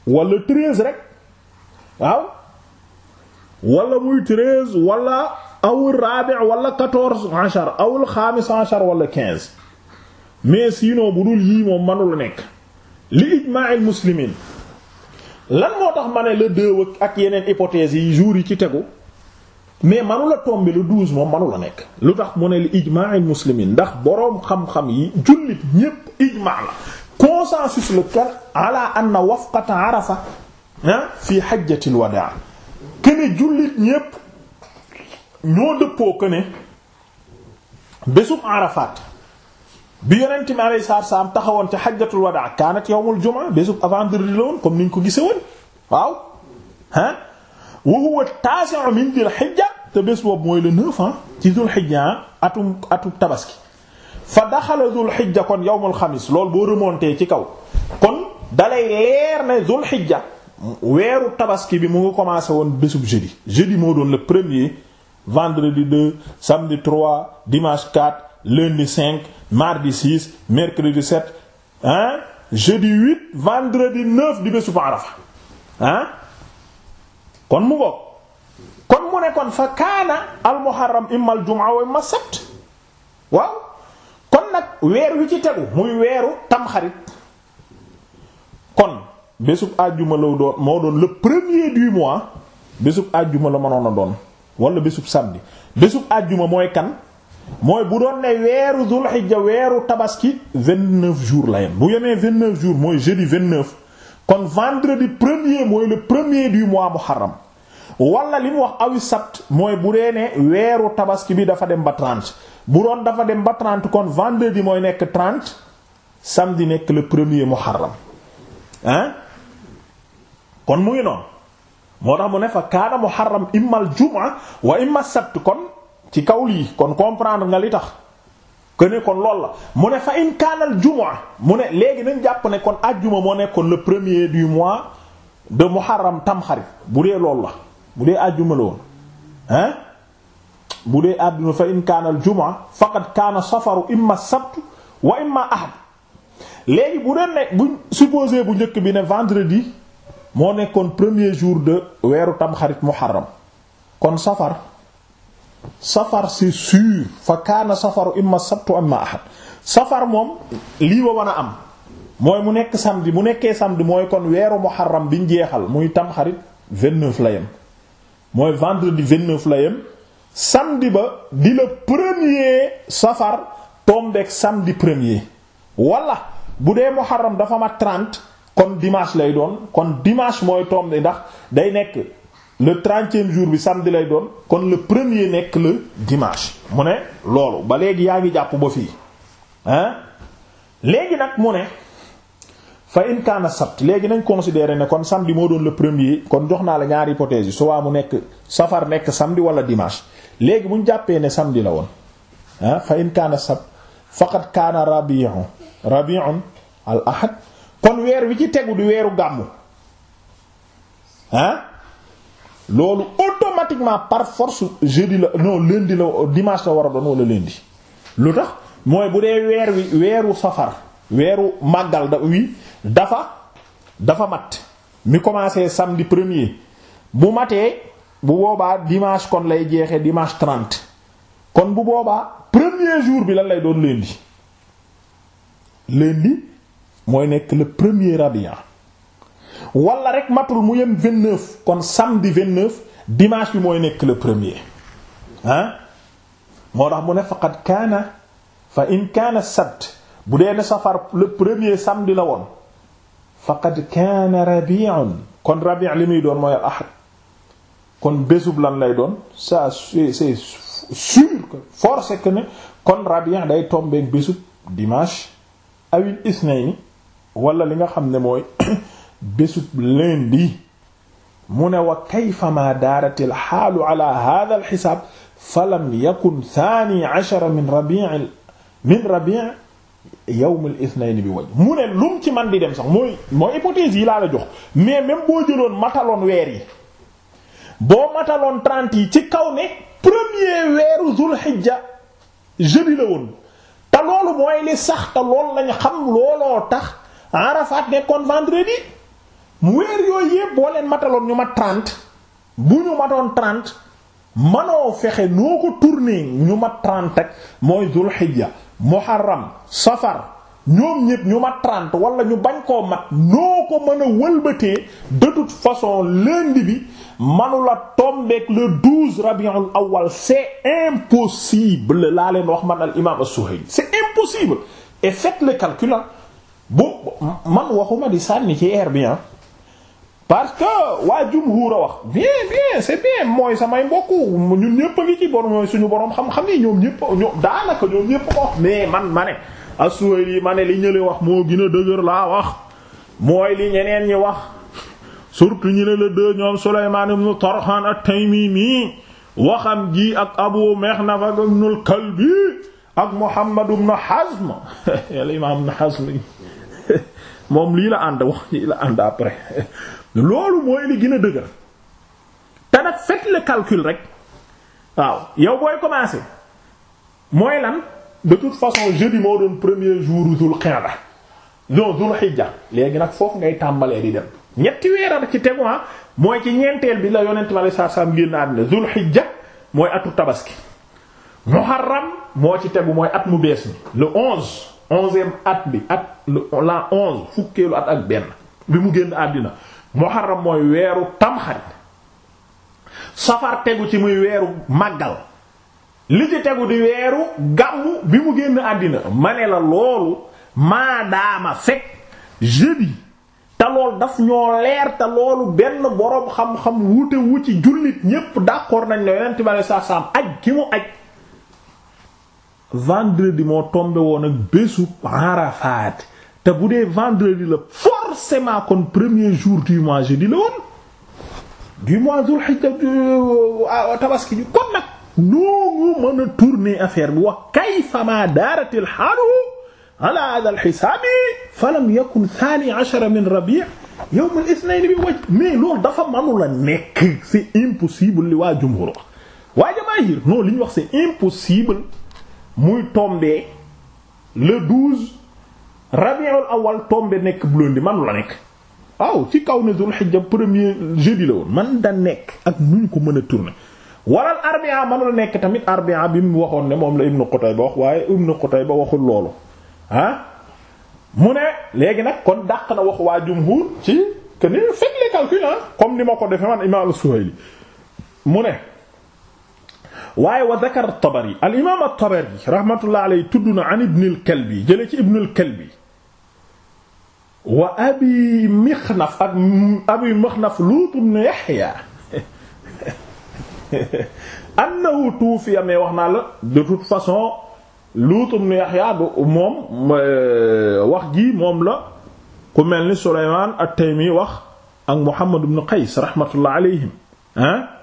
wala treize rek waaw wala muy treize wala awul rabi wala quatorze ashar awul xaamis ashar wala quinze mais sinon bu dul yii moom mënula nekk li ijmaa'il muslimin lan moo tax ma ne le deux ak yeneen hypothèses yi jours yi ci tegu mais manula tomber le douze moom manula nekk lu tax mu ne li ijmaa'il muslimin ndax boroom xam-xam yi jullit ñépp ijmaa la consensus la kër ala anna wafqata arafa fi hajjatil wadaa këne jullit ñépp ñoo dëppoo këne bésub arafaat bi yonent mi alayhi salaam taxawoon ci hajjatul wadaa kaanat yawmul jumaa bésub avant-vendredi la woon comme niñ ko gisee woon waaw ah wa huwa taasi'u min dil hijja te bés mooy le neuf ci dul hijja atum atum tabaski fa daxala dul xijja kon yawmul xamis loolu boo remonté ci kaw kon dalay leer ne dul xijja weeru tabaski bi mu ngi commencé woon bésub jeudi jeudi moo doon le premier vendredi 2 samedi 3 dimanche 4 lundi 5 mardi 6 mercredi 7 hein jeudi 8 vendredi 9 di bésub arafa hein kon mu bokk kon mu ne kon fa kaana al imma al waaw kon nag weer wi ci tegu muy weeru tamxarit kon bésub àjjuma la doon moo doon le premier du mois bésub àjjuma la mënoon a doon wala bésub samedi bésub àjjuma mooy kan mooy bu doon ne weeru zulhijja weeru tabaski vingt-neuf jours la yem bu yemee vingt-neuf jours mooy jeudi vingt-neuf kon vendredi premier mooy le premier du mois muharram wala li mu wax awi sabt mooy bu dee ne weeru tabaski bi dafa dem ba bu doon dafa dem ba trente kon vendredi mooy nekk trente samedi nekk le premier muharram hein kon muy ngi noonu moo tax mu ne fa kaana muharram immal jumaa wa imma sabt kon ci kaw lii kon comprendre nga li tax que kon loolu la mu ne fa in kaanal jumaa mu ne léegi nañ jàpp ne kon ajjuma moo nekkoon le premier du mois de muharram tamxarit bu dee loolu la bu dee ajjuma la hein bu dee àdduna fa in kaana aljumaa faqad kaana safaru imma sabt wa imma ahad léegi bu dee ne buñ supposé bu njëkk bi ne vendredi moo nekkoon premier jour de weeru tamxarit muharram kon safar safar c'est sûr fa kaana safaru imma sabt imma ahad safar moom lii wa mën a am mooy mu nekk samedi mu nekkee samedi mooy kon weeru muharram biñ jeexal muy tamxarit vingt-neuf la yem mooy vendredi vingt-neuf la yem samedi ba di le premier safar tombeeg samedi premier wala bu dee muharram dafa ma trente kon dimanche lay doon kon dimanche mooy tombe ndax day nekk le trentième jour bi samedi lay doon kon le premier nekk la dimanche mu ne loolu ba léegi yaa ngi jàpp ba fii hein léegi nag mu ne fa in kaana sabt léegi nañ considérer ne kon samedi moo doon le premier kon jox naa la ñaari hypothèse yi soit mu nekk safar nekk samedi wala dimanche léegi bu ñu jàppee ne samedi la woon ah fa in kaana sabt faqad kaana rabi'un rabi'un al ahad kon weer wi ci tegu di weeru gàmmu ah loolu automatiquement par force jeudi la non lundi la dimanche la war a doon wala lundi lu tax mooy bu dee weer wi weeru safar weeru màggal da wi dafa dafa mat mi commencé samedi premier bu matee bu boobaa dimanche kon lay jeexee dimanche trente kon bu boobaa premier jour bi lan lay doon lundi lundi mooy nekk le premier rabia walla rek matul mu yem vingt neuf kon samedi vingt neuf dimanche bi mooy nekk le premier ah moo tax mu ne faqad kaana fa in kaana sabt bu dee ne safar le premier samedi la woon. faqad kaana rabi'un kon rabi' li muy doon mooy ahad kon bésub lan lay doon ça c'est sûr que force que ne kon rabi' day tomber bésub dimanche awil isnaini wala li nga xam ne mooy *coughs* bésub lundi mu ne wa kayfa ma daaratil xaalu ala hadha al xisaab falam yakun thani ashara min rabi' min rabi' yawmul ithnayn bi waj mu ne lu ci man di dem sax mooy mooy hypothèse yi laa la jox mais même boo jëloon mataloon weer yi boo mataloon trente yi ci kaw ne premier weeru zul hijja jeudi la woon te loolu mooy li sax te loolu lañ xam looloo tax Arafat nekkoon vendredi mu weer yooyu yëpp boo leen mataloon ñu mat trente bu ñu matoon trente manoo fexe noo ko tourner ñu ma trente ak mooy zul hijja muharram safar ñoom ñépp ñu mat trente wala ñu bañ koo mat noo ko mën a wëlbatee de toute façon lundi bi manula tombeek le douze rabiul awal c'est impossible laa leen wax man al imam as-Suhayli c'est impossible et faites le calcul bu man waxuma di sànni ci air parce que waa jumhuur a wax bien bien c'est bien mooy samay mbokk ñun ñëpp ngi ci bor suñu boroom xam-xam ni ñoom ñëpp ñoom daanaka ñoom ñëpp ko wax mais man ma ne As-Suhayli ma ne li ñële wax moo gën a dëgër laa wax mooy li ñeneen ñi wax surtout ñu ne la deux ñoom Sulaymaan ibn Tarxaan at-Taymimi waxam gi ak Abu Mikhnaf ak ibn al-Kalbi ak Muhammad ibn Hazm *laughs* al-Imaam ibn Hazm *laughs* moom lii la ànd wax lii la ànd après *laughs* loolu mooy li gën a dëgër te nag faites le calcul rek waaw yow booy commencé mooy lan de toute façon jeudi moo doon premier jour dul qa'da non dul xija léegi nag foofu ngay tàmbalee di dem ñetti weerar ci tegu ah. mooy ci ñeenteel bi la yonent ma la saa saam génn àddina dul xijja mooy atu tabaski muharram moo ci tegu mooy at mu bees mi le onze onzième at bi at la onze fukkeelu at ak benn bi mu génn àddina muharram mooy weeru tamxarit safar tegu ci muy weeru màggal li ci tegu di weeru gàmmu bi mu génn àddina ma ne la loolu maadaama fekk jeudi te lool daf ñoo leer te loolu benn boroom xam-xam wuute wu ci jullit ñépp d'accord nañ ne yonent bi sallallahu alayhi wasallam aj gi mu aj vendredi moo tombé woon ak bésu Arafat te bu dee vendredi la forcément kon premier jour du mois jeudi la woon du mois Dul Hijja euh, euh, euh, tabaski ji kon nag noo mën a tourner affaire bi wax kayfa ma daarat al haalu ala hada al hisaab falam yakun thani ashara min rabi' yawm al ithnayn bi waj mais loolu dafa mënula nekk c'est impossible li waa jumhur waa jamaahir non li wax c'est impossible muy tombé le douze rabiul awal tombé nekk Blondie man la nekk waaw ci kaw ne Dul Hijja premier jeudi la woon man da nekk ak nuñ ko mën a tourner waral arbia man la nekk tamit arbia bi mu waxoon ne moom la Ibnu Qutayba wax waaye Ibnu Qutayba waxul loolu ah mu ne léegi nag kon dàq na wax waa jumhur ci que ni faites les calculs ni ma ko defe man Imaam Suhayli mu ne. waaye wa dakar tabari al imaam at-tabari rahmatullah alayhi tudd na an ibn al-kalbi jëlee ci ibn al-kalbi wa abi mixnaf ak abi mixnaf luut ibn yahya *laughs* annahu tuufiya mais wax naa la de toute façon luut ibn yahya du moom euh, wax ji moom la ku mel ni suleymaan at-taymi wax ak muhammad ibn qays rahmatullah alayhim ah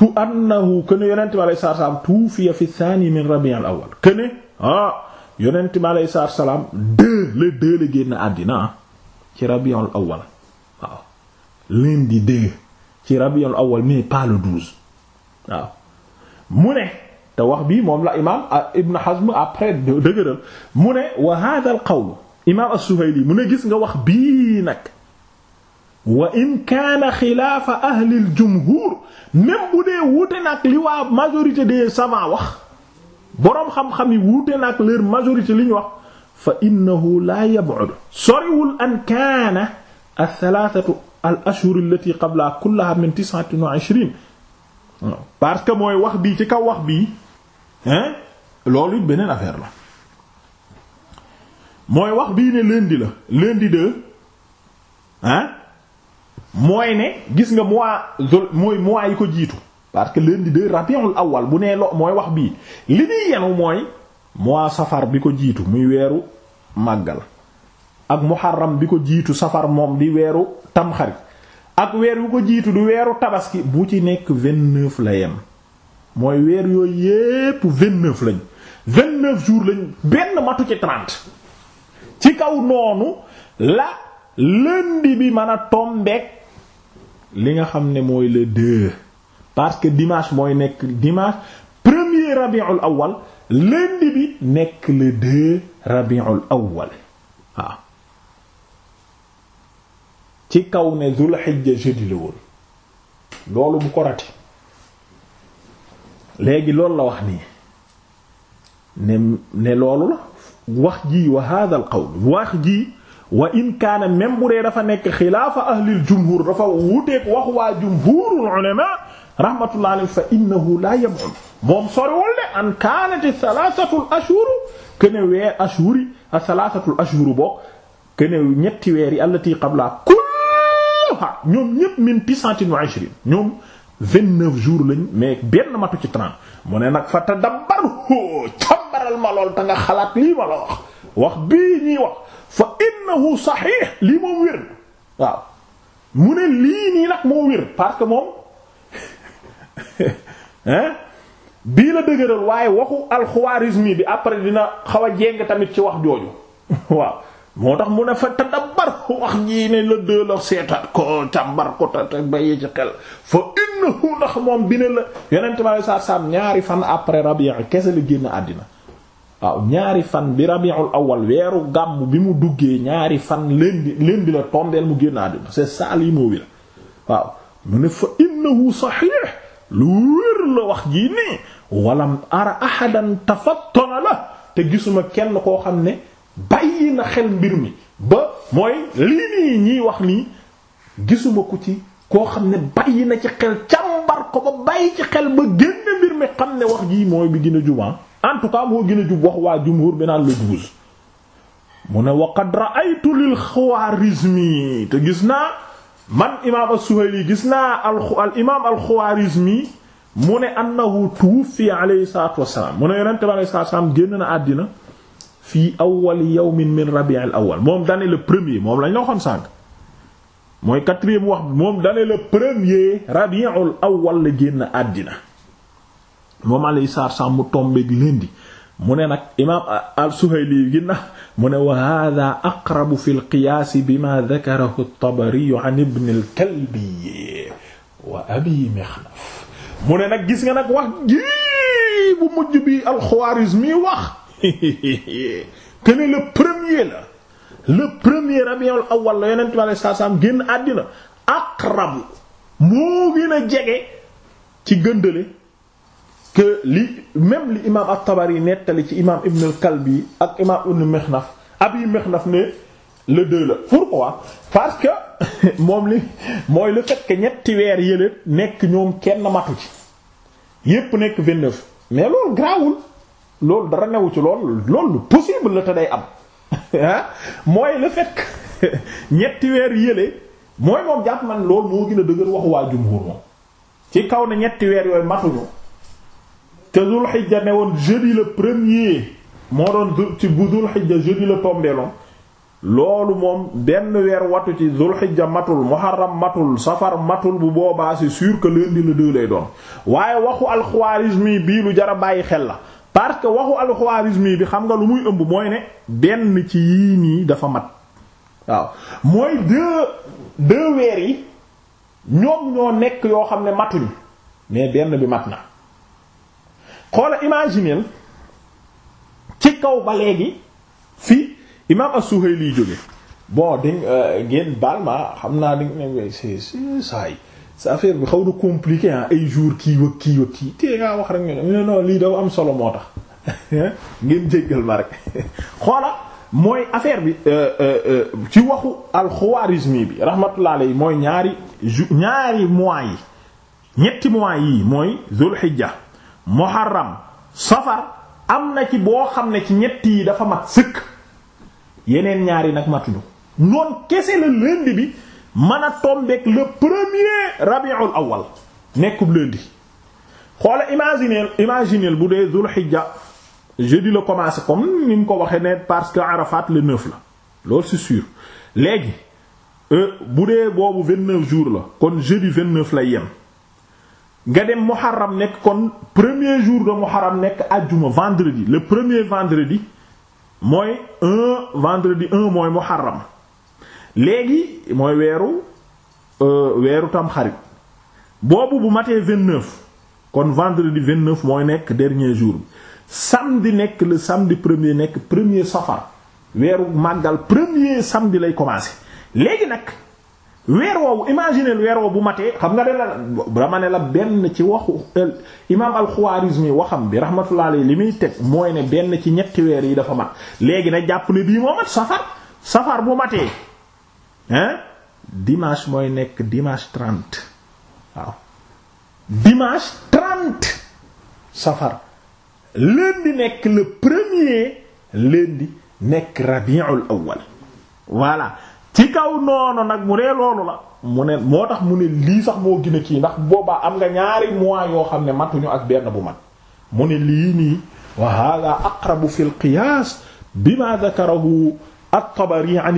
tu annahu këne yonent bi alayhi salaam tuufiya fi thani min rabi' al awwal këne ah yonent bi alayhi salaam deux le deux la génn àddina ci rabi' al awwal waaw lundi pas le douze waaw mu wax bii moom la imaam ah, Ibn Hazm après dëgëral mu ne wa hadha al gis nga wax bii nag. wa in kaana xilaafa ahlil jumhur même wuute nag li waa majorité des savants wax boroom xam-xam yi wuute nag leur majorité li ñu wax fa inna laa yab'ud soriwul an kaana ath-thalathatu al-ashhur allati qabla kullaha min parce que mooy wax bii ci kaw wax bii hein loolu it beneen affaire la mooy wax bii ne di la lundi de hein mooy ne gis nga mois zol yi ko jiitu parce que lundi de rabiul awal bu nee mooy wax bii li muy yenu mooy mois safar bi ko jiitu muy weeru màggal ak muharram bi ko jiitu safar moom di weeru tamxarit ak weer wu ko jiitu di weeru tabaski bu ci nekk vingt-neuf la yem mooy weer yooyu yépp vingt-neuf lañ vingt-neuf jours lañ benn matu ci trente ci kaw noonu la lundi bi mën a tombeek li nga xam ne mooy le deux parce que dimanche mooy nekk dimanche premier rabiul awal lundi bi nekk le deux rabiul awal waaw ci kaw ne zul xijja jeudi la woon loolu bu ko rati léegi loolu la wax nii ne ne loolu la wax ji wa hada al wax ji wa in kaana même bu dee dafa nekk xilaafa ahlil jumhur dafa wuteek wax waa jumhurul ulama rahmatullah alayhi fa innahu la yab'ud moom soriwul de an kaanati thalathatul ashhuru kene weer ashhuri a thalathatul ashhuru bokk kene ñetti weer yi allati qabla kulluha ñoom ñépp min tisantin wa ishrin ñoom jours lañ mais benn matu ci trente mu ne nag fa tadabbaru càmbaral ma lool te nga xalaat lii ma wax bii ñuy wax fa innahu saxiix lii moom wér waaw mu ne lii nii nag moo wér parce que moom *laughs* hein bii la dëgëral waaye waxu alxuwaarismi bi après dina xaw a jéng tamit ci wax jooju *laughs* waaw moo tax mu ne fa tadabbar wax jii ne la dë la seetaat ko càmbar ko ta bàyyi ci xel fa innahu ndax moom bi ne la yonente mi alei satu salaam ñaari fan après Rabi'a kese la génn àddina waaw ñaari fan bi rabiul awal weeru gàmm bi mu duggee ñaari fan lundi lundi la tombeel mu génn àddina c'est ça wér la wax jii nii walam ara ahadan tafattona la te gisuma kenn koo xam ne bàyyi na xel mbir mi ba mooy lii nii ñiy wax nii gisuma ko ci koo xam ne bàyyi na ci xel càmbar ko ba bàyyi ci xel ba génn mbir mi xam ne wax jii mooy bi gën a ah. en tout cas moo gën a jub wax waa jumhur bi naan le douze mu ne waqad ra'aytu lil xawaarizmi te gis naa man imaam as-Suhayli gis naa al imaam al-Xawaarizmi mu ne annahu tuwuffiya alayhi salaatu wassalaam mu ne yonent bi alayhi salaatu wassalaam génn na àddina fii awwali yawmin min rabi'il awwal moom dane le premier moom lañ la waxoon sànq mooy quatrième wax moom dane le premier rabi'ul awwal la génn àddina moom alay saar saam mu tombeeg lendi mu ne nag imaam al-Suhayli ginna mu ne wa hada aqrabu fi al-qiyaas bima dakarahu at-Tabari an ibn al-Kalbi wa abi Mikhnaf mu ne nag gis nga nag wax jii bu mujj bi al-Khwarizmi wax que *laughs* ne le premier la le premier Rabiul Awwal la Yonent bi alayhi salaam génn àddina aqrabu moo gën a jege ci gëndale que li même li imaam at yi nettali ci imaam Ibn al-Kalbi ak imaam Ibn Mikhnaf Abi Mikhnaf ne le deux la pourquoi parce que *laughs* moom li mooy le fait ñetti weer yële nekk ñoom kenn matu ci yépp nekk vingt mais loolu grawul loolu dara newu ci loolu loolu possible la te day am *laughs* ah mooy le fait *laughs* ñetti weer yële mooy moom jàpp loolu moo gën a dëgër waxu waa jumhur moom ci kaw na ñetti weer yooyu matuñu te dul xijja ne woon jeudi le premier moo doon ci bu dul xijja jeudi le tombeeloon loolu moom benn weer watu ci dul xijja matul muharram matul safar matul bu boobaa sur sûr que lundi le deux lay doon waaye waxu alxuwaarismi bii lu jara bàyyi xel la parce que waxu alxuwaarismi bi xam nga lu muy ëmb mooy ne benn ci yii nii dafa mat waaw mooy deux deux weer yi ñoom ñoo nekk yoo xam ne matuñ mais benn bi mat na xoola imagineel ci kaw ba léegi fi imaam as-Suhayli jóge bon di euh, ngeen baal ma xam naa di nga ne si ça sa affaire bi xaw na compliqué ah ay jour kii wa kii wa kii te ngaa wax rek ne non lii daw am solo moo tax *laughs* ngeen jéggal ma rek *laughs* xoola mooy affaire bi euh, euh, ci waxu al bi rahmatullah alayhi mooy ñaari ju ñaari mois yi ñetti mois yi mooy Dhul Hijja muharram safar am na ci boo xam ne ci ñett yi dafa mat sëkk yeneen ñaari nag matuñu noonu kese la lundi bi mën a tombeek le premier rabiul awal nekkub lundi xoola imaginer imaginer bu dee zul hijja jeudi la commencé comme ni mu ko waxee ne parce que Arafat le neuf la loolu c'est sûr léegi euh, bu dee boobu vingt neuf jour la kon jeudi vingt neuf lay yem nga dem muharram nekk kon premier jour de muharram nekk ajjuma vendredi le premier vendredi mooy un vendredi un mooy muharram léegi mooy weeru euh, weeru tamxarit boobu bu matee vingt-neuf kon vendredi vingt-neuf mooy nekk dernier jour bi samedi nekk le samedi premier nekk premier safar weeru màggal premier samedi lay commencer léegi nag weer woowu imaginer weer woowu bu matee xam nga de la dama ne la benn ci waxu euh, imaam al-Khwarizmi waxam bi rahmatullah alayhi li muy teg mooy ne benn ci ñetti weer yi dafa mat léegi na jàpp ne bii moo safar safar bu matee hein dimanche mooy nekk dimanche trente waaw dimanche trente safar lundi nekk le premier lundi nekk rabiul awwal voilà ci kaw noonu nag mu dee loolu la mu ne moo tax mu ne lii sax moo gën a kii ndax boobaa am nga ñaari mois yoo xam ne matuñu ak benn bu mat mu ne lii nii wa hada aqrabu fi l qiyaas bima dakarahu at-Tabari an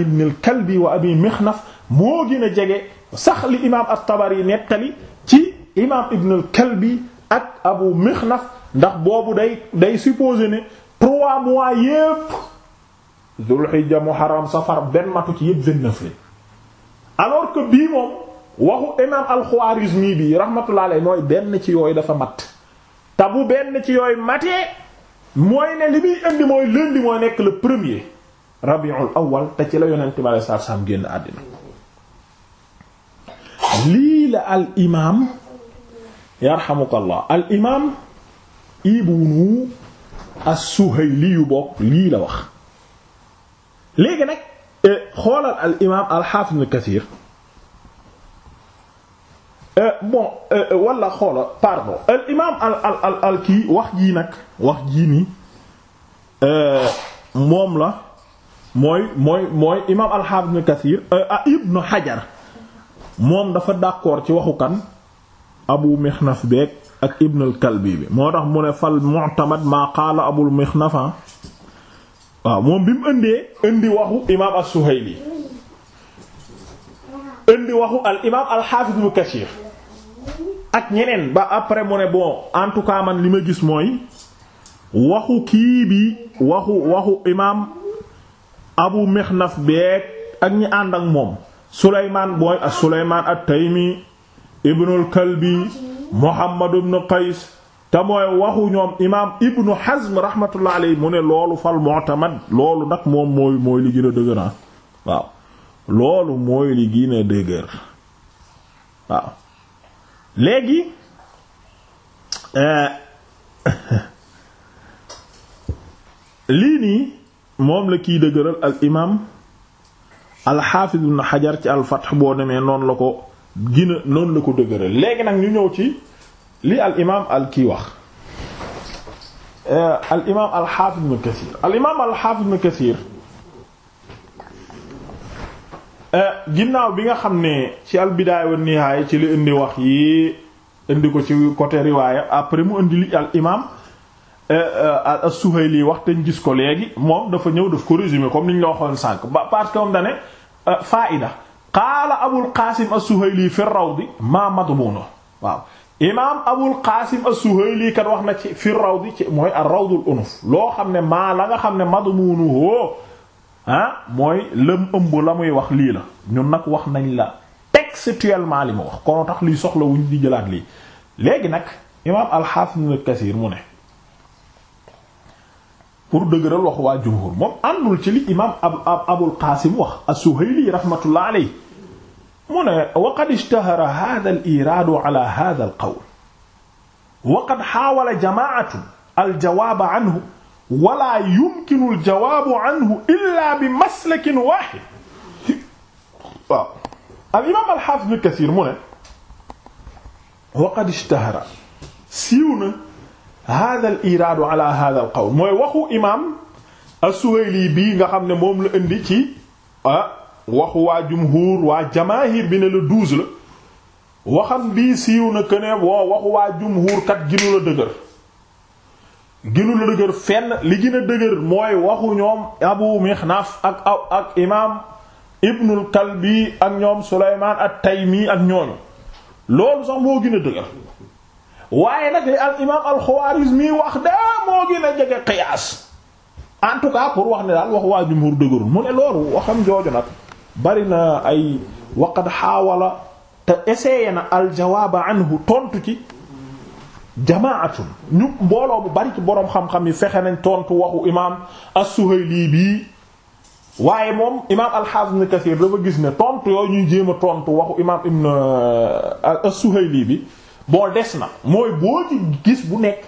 wa abi Mikhnaf moo gën a jege sax li imaam at-Tabari nettali ci imaam ibn al-Kalbi ak abu Mikhnaf ndax boobu day day supposé ne trois mois yépp zulhijja muharram safar benn matu ci yëpp vingt-neuf lañ alors que bii moom waxu imam al bi rahmatullah mooy benn ci yooyu dafa mat te benn ci yooyu matee mooy ne li muy indi mooy lundi mooy nekk le premier rabiul awal te ci la yonent bi alayhi salaatu salaam génn àddina lii la al imam yarhamukallah al ibnu as yu bokk lii la wax léegi nag euh, xoolal al imaam al xaafis ibn Kathir euh, bon euh, wala xoola pardon al imaam al al al kii wax jii nag wax jii nii moom la mooy mooy mooy imaam al xaafis ibn Kathir ibn Hajar moom dafa d'accord ci waxu kan Abu Mikhnaf beek ak Ibn al Kalbi bi moo tax mu ne fal mu'tamad maa qaala Abu Mikhnaf ah. waaw moom bi mu ëndee indi waxu imaam as-Suhayli indi waxu al imaam al-Hafiz Ibn Kathir ak ñeneen ba après mu ne bon en tout cas man li ma gis mooy waxu kii bi waxu waxu imaam Abu Mikhnaf beek ak ñi ànd ak moom Souleymane booy ak Souleymane at-Taymi Ibnul Kalbi Muhammad ibn Qays te mooy waxu ñoom imaam ibnu Hazm rahmatullah alayhi mu ne loolu fal mu'tamad loolu nag moom mooy mooy li gën a dëgër ah waaw loolu mooy li waaw léegi eh, *laughs* lii nii moom la kii dëgëral al imaam alxaafiz ibnu Hajar ci alfat boo demee noonu la ko gën a la ko dëgëral léegi nag ñu ñëw ci li al imaam al kii wax eh, al imaam al xaafid ibn Kasiir eh, ginnaaw bi nga xam ne ci al bidaaya wa nihaaya ci li indi wax yi indi ko ci côté riwaaya après mu indi li al imaam eh, as Suhayli wax te ñu gis ko léegi moom dafa ñëw def ko résumé comme ni ñu la waxoon sànq ba parce que moom da ne faayida qaala Abul Qaasim as-Suhayli fi rawdi maa madmuunu waaw. imaam Abul Qaasim as-Suhayli kan wax na ci fi rawdi ci mooy ar-rawdul unuf loo xam ne maa la nga xam ne madmuunu hoo ah mooy lëm ëmb la muy wax lii la ñun nag wax nañ la textuellement li mu wax kon tax liy soxla wuñ di jëlaat lii léegi nag imaam al-Hafiz Kathir mu ne pour dëgëral wax waa jumhur moom àndul ci li imaam Abul Qaasim wax as-Suhayli rahmatullah alayhi mu ne waqad ishtahara hadha al iraadu ala hadha al qawl waqad xaawala jamaatu aljawaaba anhu wala yumkinu aljawaabu anhu illa bi maslakin waaxid waaw alimaam alxaafis bi kasiir mu ne waqad ishtahara siiw na hada al iraadu ala hada al qawl mooy waxu imaam assuhayli bii nga xam ne moom la indi ci ah waxu waa jumhuur waa jamaahir bi ne la douze la waxam bii siiw na que ne boo waxu waa jumhuur ginu la dëgër ginu la dëgër fenn li gën a dëgër mooy waxu ñoom Abu Mixnaf ak ak imaam Ibnul Kalbi ak ñoom Souleymane ak Taymi ak ñooñu loolu sax moo gën a dëgër waaye nag li al imaam al-Xawaarizmi wax daa moo gën a jege qiyaas en pour wax ne daal waxu waa jumhuur dëgërul mu ne loolu waxam jooju nag. bari na ay waqad xaawala te essayé na aljawaaba anhu tontu ci jamaatun ñu mbooloo bu bari ci boroom xam-xam yi fexe nañ tontu waxu imaam as-Suhayli bii waaye moom imaam al-Hafiz Ibn Kathir dafa gis ne tontu yooyu ñuy jéem a tontu waxu imaam ibn euh, as-Suhayli bi boo des na mooy boo ci gis bu nekk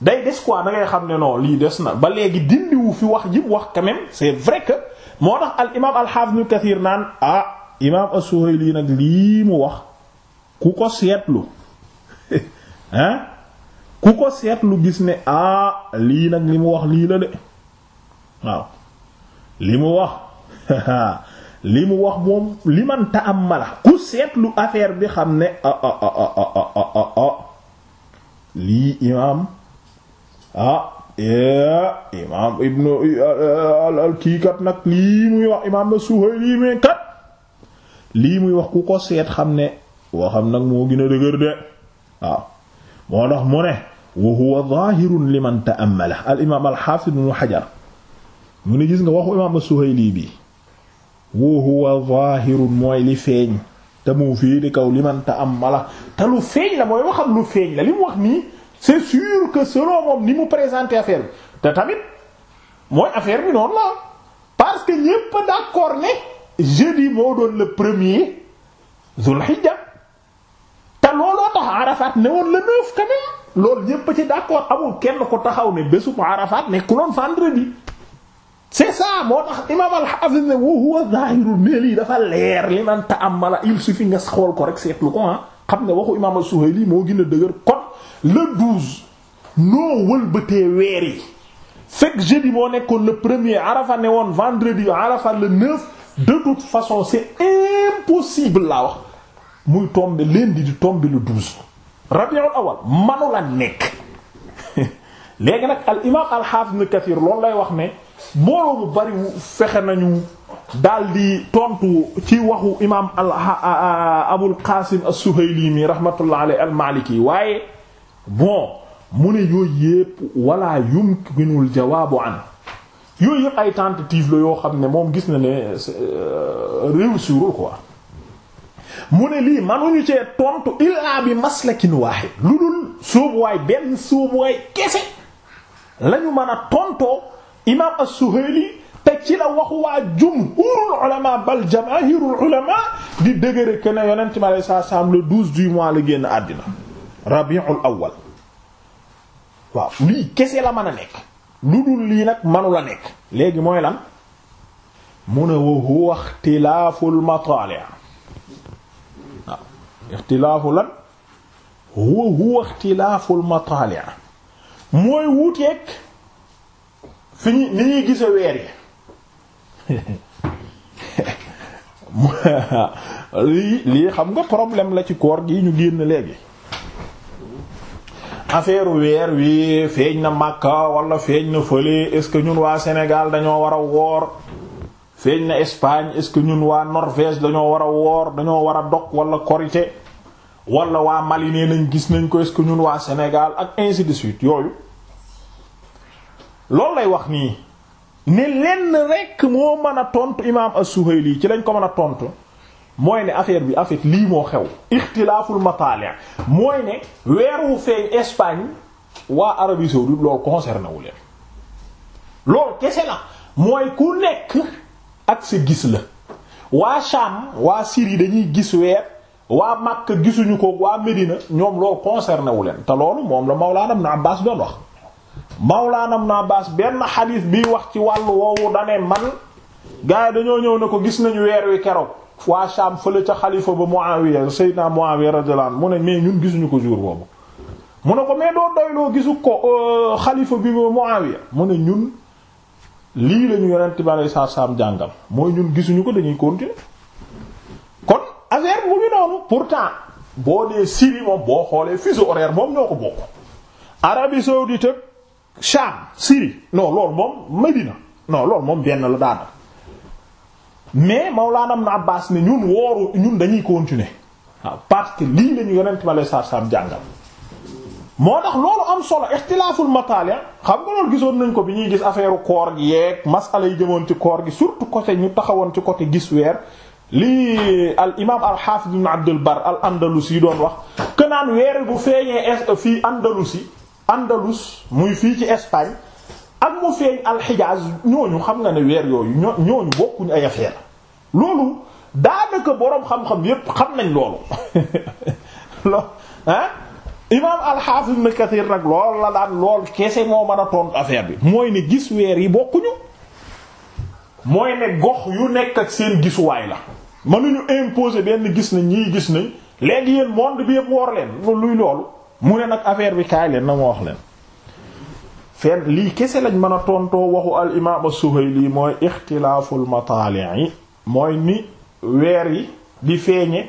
day des quoi da ngay xam ne non lii des na ba léegi dindiwu fi wax ji wax quand même c'est vrai que. moo tax al imaam al-Hafiz Kathir naan ah imaam as-Suhayli nag lii mu wax ku ko seetlu *laughs* hein ku ko seetlu gis ne ah lii nag li mu wax lii la de waaw li mu wax *laughs* li mu wax moom li man ta'ammala ku seetlu affaire bi xam ne ah, ah, ah, lii imaam ah. ya imaam ibnu uh, al kii kat nag lii muy wax imaam as-Suhayli muy kat lii muy wax ku ko seet xam ne waxam nag moo gën a dëgër de moo tax mu ne wa huwa imaam al-Haafid ibnu Hajar mu ne gis nga waxu imaam bi wa huwa zaahirun mooy li feeñ te mu fii di kaw liman ta'ammala te wax nii c'est sûr que selon moom ni mu présenter affaire te tamit mooy affaire bi noonu la parce que ñépp d'accord ne jeudi moo doon le premier Zulhijja te looloo tax Arafat ne woon le neuf quand même loolu ñépp ci d'accord amul kenn ko taxaw ne bésub Arafat nekkuloon vendredi c'est ça moo tax imam al-Hafiz ne wa huwa zahiru ne lii dafa leer li man ta'ammala il suffit nga xool ko rek seetlu ko ah xam nga waxu imam as-Suhayli moo gën a dëgër kon le douze noo wëlbatee weer yi fekk jeudi moo nekkoon le premier arafa ne woon vendredi arafa le neuf de toute façon c'est impossible laa wax muy tomber lundi di tomber le douze rabiul awal manu la nekk *laughs* léegi nag al imam al hafiz ibn kathir loolu lay wax ne mbooloo mu bari fexe nañu dal di tontu ci waxu imam al abul qasim as-suhayli mi rahmatullah alayhi al maliki waaye bon mu ne yooyu yépp wala yumkinul jawaabu an yooyu yépp ay tentative la yoo xam ne moom gis na ne euh, réussirul quoi mu ne lii manuñu cee tontu illaa bi maslakin waaxid lu dul sóobuwaay benn sóobuwaay kese lañu mën a tontoo imaam as-Suhayli te ci la wax waa jumhurul ulama bal jamaahirul ulama di dëgëre que ne yonent mi alayhi salaam le douze du mois la génn àddina rabiul awwal waaw lii kese la man a nekk lu dul lii nag manu la nekk léegi mooy lan mu ne wa huwa ixtilaaful mataali' waaw mooy wuuteeg fi ñu ni ñuy gise weer yi *laughs* lii lii xam nga problème la ci koor gi ñu génn léegi affaire weer wi feeñ na Makka walla feeñ na fële est-ce que ñun waa Sénégal dañoo war a woor feeñ na Espagne est-ce que ñun waa Norvège dañoo war a woor dañoo war a dog wala korité wala waa Mali nee nañ gis nañ ko est ñun waa senegal ak ainsi de suite yooyu loolu lay wax nii ne lenn rekk moo mën a tontu imaam as-Suhayli ci lañ ko mën a tontu. mooy ne affaire bi en fait lii moo xew ixtilaaful matali mooy ne weeru feeñ Espagne waa Arabie saoudite loolu concerné wu leen loolu kese la mooy ku nekk ak sa gis la waa Sham waa Syrie dañuy gis weer waa Makka gisuñu ko waa Médina ñoom loolu concerné wu leen te loolu moom la Mawlaana Ibn Abbaas doon wax Mawlaana Ibn Abbaas benn xadiis bi wax ci wàll woowu dane man gars yi dañoo ñëw ne ko gis nañu weer wi keroog waa Sham fële ca xalifa ba Muawiya Seydina Muawiya radiyallahu anhu mu ne mais ñun gisuñu ko jour boobu mu ne ko mais doo doyloo gisu ko euh, xalifa bi ba Muawiya mu ne ñun lii lañu yonent bi alayhi salaatu salaam jàngal mooy ñun gisuñu ko dañuy continuer kon affaire bu ñu noonu pourtant boo dee Syrie moom boo xoolee fuseau horaire moom ñoo ko bokk Arabie saoudite Sham Syrie non loolu moom Medina non loolu moom benn la daanaka mais Mawlana Ibn Abbas ne ñun wooru ñun dañuy continuer waaw parce que lii lañu yonent ma lay saab-saab jàngal moo tax loolu am solo ixtilaaful matalia ah. xam nga loolu gisoon nañ ko bi ñuy gis affaire koor gi yeeg masala yi jëmoon ci koor gi surtout côté ñu taxawoon ci côté gis weer lii al imaam al xaafis ibn Abdul Bar al andalusi doon wax que naan bu feeñee fii andalusi andalus muy fii ci Espagne ak mu feeñ alxijaaz ñooñu xam na ne weer yooyu ñoo ñooñu bokkuñu ay affaire loolu daanaka boroom xam-xam yépp xam nañ loolu *laughs* lo ah imaam alxaafis ibn Kathir nag lool la daan lool kese moo mën a tontu affaire bi mooy ne gis weer yi bokkuñu mooy ne gox yu nekk ak seen gisuwaay la mënuñu imposer benn gis nañ ñii gis nañ léegi yéen monde bi yépp woor leen luy loolu mu ne nag affaire bi kaay leen na ma wax leen fenn lii kese lañ mën a tontoo waxu al imaam as lii mooy ixtilaaful yi mooy ni weer yi di feeñe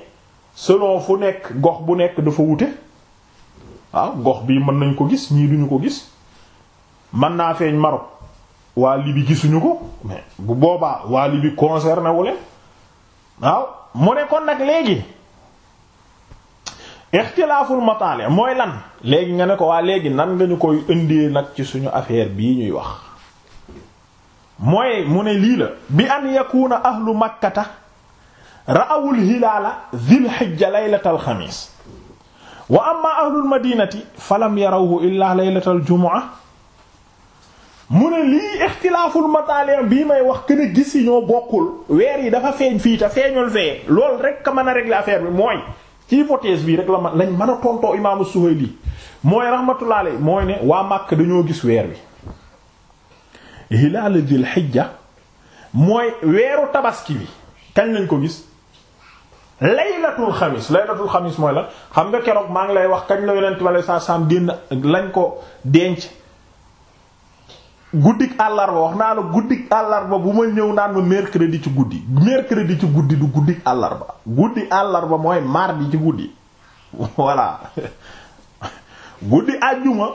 selon fu nekk gox bu nekk dafa wute waaw gox bii mën nañ ko gis ñii duñu ko gis mën naa feeñ Maroc waa Libye gisuñu ko mais bu boobaa waa Libye concerné wu leen waaw mu ne kon nag léegi ixtilaaful mataali mooy lan léegi nga ne ko waa léegi nan nga ñu koy indee nag ci suñu affaire bii ñuy wax mooy mu ne lii la bi an yakuna ahlu makkata ra'awul hilaala dhil hijja laylatal xamiis wa amma ahlul madinati falam yarawhu illaa laylatal jumaa mu ne lii ixtilaaful matali bii may wax kën a gis yi ñoo bokkul weer yi dafa feeñ fii te feeñul fee lool rekk a mën a régler affaire bi mooy ci bii rek la lañ mën a tontoo imaamu Suhayli mooy rahmatullah alayhi mooy ne waa Makka dañoo gis weer wi hilaal dil hijja mooy weeru tabaski bi kañ lañ ko gis laylatul xamis laylatul xamis mooy la xam nga keroog maa ngi lay wax kañ la yonent bi sallallahu alayhi wasallam génn lañ ko denc guddik àllarba wax naa la guddik àllarba bu ma ñëw naan ma mercredi ci guddi mercredi ci guddi du guddik àllarba guddi àllarba mooy mardi ci guddi *laughs* voilà *laughs* guddi àjjuma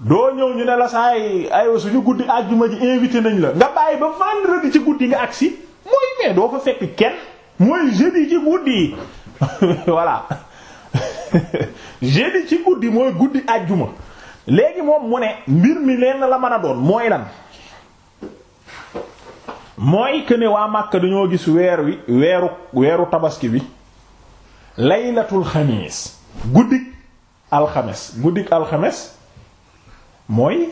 doo ñëw ñu ne la saa ay suñu guddi àjjuma ji invité nañ la nga bàyyi ba vendredi ci guddi nga agsi mooy mais doo fa fekk kenn mooy jeudi ci guddi *laughs* voilà jeudi ci guddi mooy guddi àjjuma léegi moom mu ne mbir mi leen la mën a doon mooy lan mooy que ni waa Makka dañoo gis weer wi weeru weeru tabaski bi laylatul xamiis guddik alxames guddik alxames mooy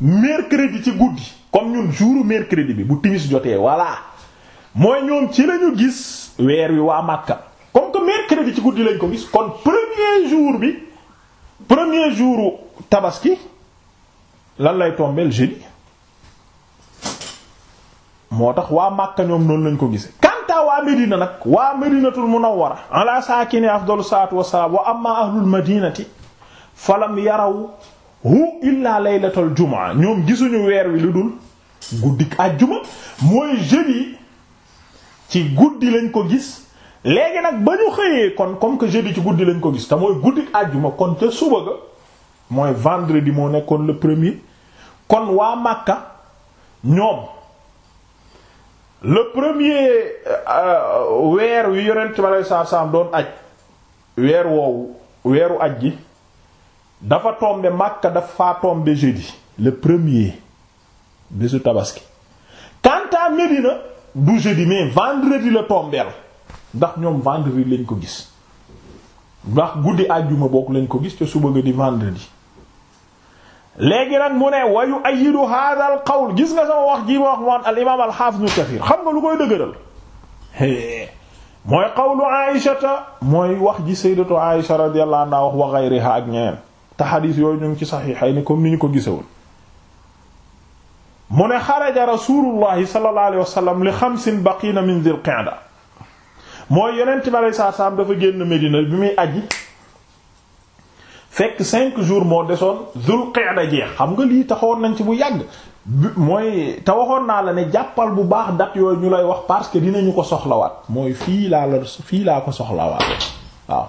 mercredi ci guddi comme ñun jouru mercredi bi bu timis jotee voilà mooy ñoom ci lañu gis weer wi waa Makka comme que mercredi ci guddi lañ ko gis kon premier jour bi premier jour tabaski lan lay tombeel jeudi moo tax waa Makka ñoom noonu lañ ko gise kanta waa Medina nag waa Medinatul Munawwara ala saakini afdalu salaatu wassalaam wa amma ahlul madinati falam yaraw hu illa laylatul jumaa ñoom gisuñu weer wi lu dul guddik àjjuma mooy jeudi ci guddi lañ ko gis léegi nag ba ñu xëyee kon comme que jeudi ci guddi lañ ko gis te mooy guddik àjjuma kon ca suba ga mooy vendredi moo nekkoon le premier kon waa Makka ñoom le premier euh, weer wi yonent bi alei saatu salaam doon aj weer woowu weeru aj gi dafa tombe Makka dafa tombe jeudi le premier bésu tabaski quant à Médina du jeudi mais vendredi la tombeel ndax ñoom vendredi lañ ko gis ndax guddi àjjuma bokk lañ ko gis ca suba ga di vendredi léegi nag mu ne wayu ayidu hada al qawl gis nga sama wax ji ma wax moon al imam al xam nga lu koy dëgëral *laughs* mooy qawlu aishata mooy wax ji sayyidatu aisha radiyallahu anha wax wa ghayriha ak ñeneen te xadiis yooyu ñu ngi ci saxiixay ni comme ni ñu ko gisewoon mu ne xaraja rasulullahi sallallahu alayhi wa sallam li xamsin baqiina min dhil qa'da mooy yonent bi aleyhi salaatu salaam dafa génn Medina bi muy aji fekk cinq jours moo desoon Zul Qa'da jeex xam nga lii taxoon nañ ci bu yàgg mooy te waxoon naa la ne jàppal bu baax date yooyu ñu lay wax parce que dinañu ko soxlawaat mooy fii laa la fii laa ko soxlawaatoon waaw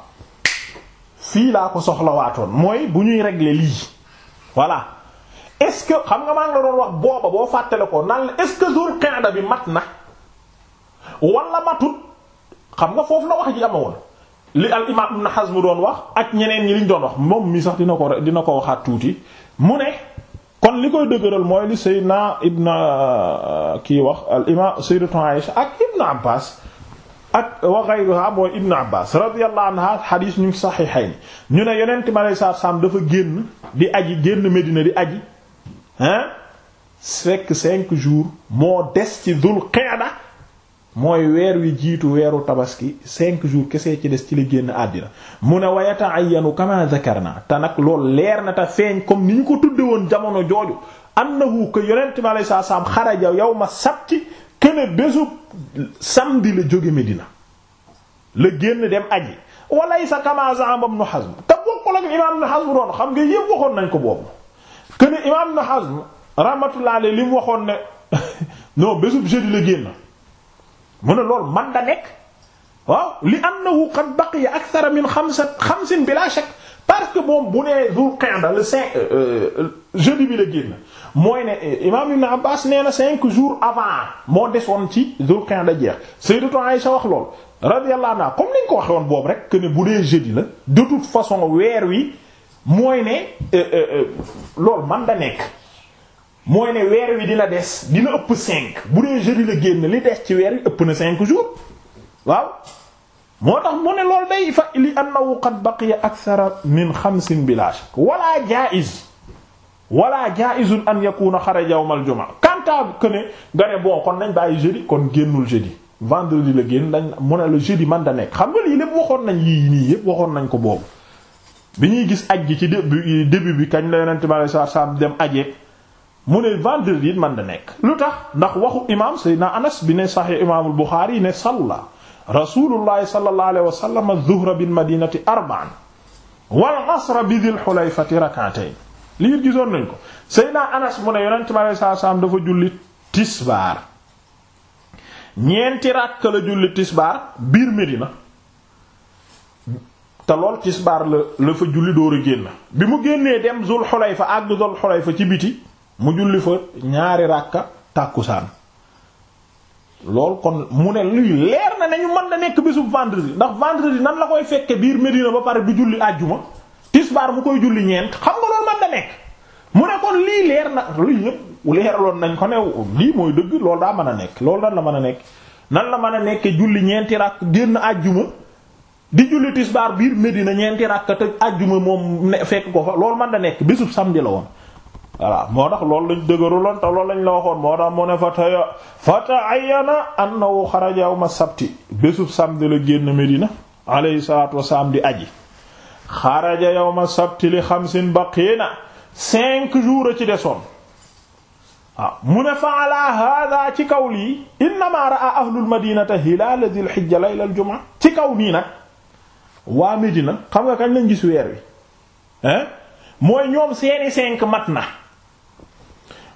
fii laa ko soxlawaatoon mooy bu ñuy régler lii voilà est-ce que xam nga ma ngi la doon wax booba boo fàttale ko naan la est-ce que Zul Qa'da bi mat na wala matut. xam nga foofu la wax ji ama woon li al imam Ibn doon wax ak ñeneen ñi liñ doon wax moom mi sax dina ko rek dina ko waxaat tuuti mu ne kon li koy dëgëral mooy li Seydina Ibn euh, kii wax al imam Sayyidatu Aïsha ak Ibn Abbas ak wa ghayruha mooy Ibn Abbas radiyallahu anha hadith ñu ngi sahihayn ñu ne yonent mi alayhi salaam dafa génn di aji génn Medina di aji hein fekk cinq jour moo des ci Dul Qa'da mooy weer wi jiitu weeru tabaski cinq jours kese ci des ci la génn àddina mu ne wayata ayanu kama naa te nag loolu leer na te feeñ comme ni ñu ko tuddee woon jamono jooju annahu que yonent bi alei saat salaam xaraja yawma sabti kene bésub samedi la jóge Medina la génn dem aji walaysa kama za'ama ibn Hazm te bokkul ak imam ibn Hazm doon xam nga yëpp waxoon nañ ko boobu kene imam ibn Hazm rahmatullah alayhi li waxoon ne *laughs* non bésub jeudi la génn mu ne loolu man da nekk waaw li annahu qad baqiya akthara min xamsa xamsin bila shakk parce que moom bu nee Dhoul Qi'da le cinq euh, euh, jeudi bi la génn mooy ne euh, imaam Ibn Abbas cinq jours avant moo desoon ci Dhoul Qi'da jeex Sayyidatu Aïsha wax lool radiyallahu anha comme woon boobu rek que ne bu dee jeudi la de toute façon weer wi mooy ne loolu man da nekk. mooy ne weer wi dina des dina ëpp cinq bu dee jeudi la génn li des ci weer wi ëpp na cinq jours waaw moo tax mu ne loolu day fa li annahu qad baqiya akthara min xamsin bila shak wala jaiz wala jaizun an yakuna xaraja yawm al jumaa kanta que ne nga ne bon kon nañ bàyyi jeudi kon génnul jeudi vendredi la génn dañ mu ne la jeudi man da nekk xam nga lii lépp waxoon nañ yii nii yépp waxoon nañ ko boobu bi ñuy gis aj gi ci début début bi kañ la yonente bi sallallahu alayhi dem ajeeg mu ne vendredi it man da nekk lu tax ndax waxu imam sayyidina anas bi ne sahih imaamul buxaari ne salla rasulullahi sallallahu alayhi wa sallam adh-dhuhra bil madinati arba'an wal asra bi dhil hulayfati rak'atayn lii gisoon nañ ko sayyidina anas mu ne yonent bi alayhi salaam dafa julli tisbaar ñeenti ràkk la julli tisbaar biir Medina te lool tisbaar la la fa julli door a bi mu génnee dem dhul hulayfa ak dhul hulayfa ci biti mu julli fa ñaari ràkka tàkkusaan lool kon mu ne luy leer na nañu mën na nekk bésub vendredi ndax vendredi nan la koy fekke biir Medina ba pare du julli àjjuma tisbaar bu koy julli ñeent xam nga loolu mën na nekk mu ne kon lii leer na luy yépp leeraloon nañ ko ne lii mooy dëgg loolu daa mën a nekk loolu nan la mën a nekk nan la mën a nekke julli ñeenti ràkk génn àjjuma di julli tisbaar biir Medina ñeenti ràkk te àjjuma moom fekk ko fa loolu mën na nekk bésub samedi la voilà moo tax loolu lañ dëgëruloon te loolu lañ la waxoon moo tax mu ne fa taya fa ta'ayyana annahu xaraja yawma sabti bésub samedi la génn Medina alayhi salaatu wasalaam di aji xaraja yawma sabti li xamsin baqiina cinq jours ci desoon waaw ah, mu ne fa ala hada ci kaw lii innama ra'a ahlul madinata hilaala dil hijja layla al jumaa ci kaw nii nag waa Medina xam nga kañ lañ gis weer wi mooy ñoom seeni cinq mat na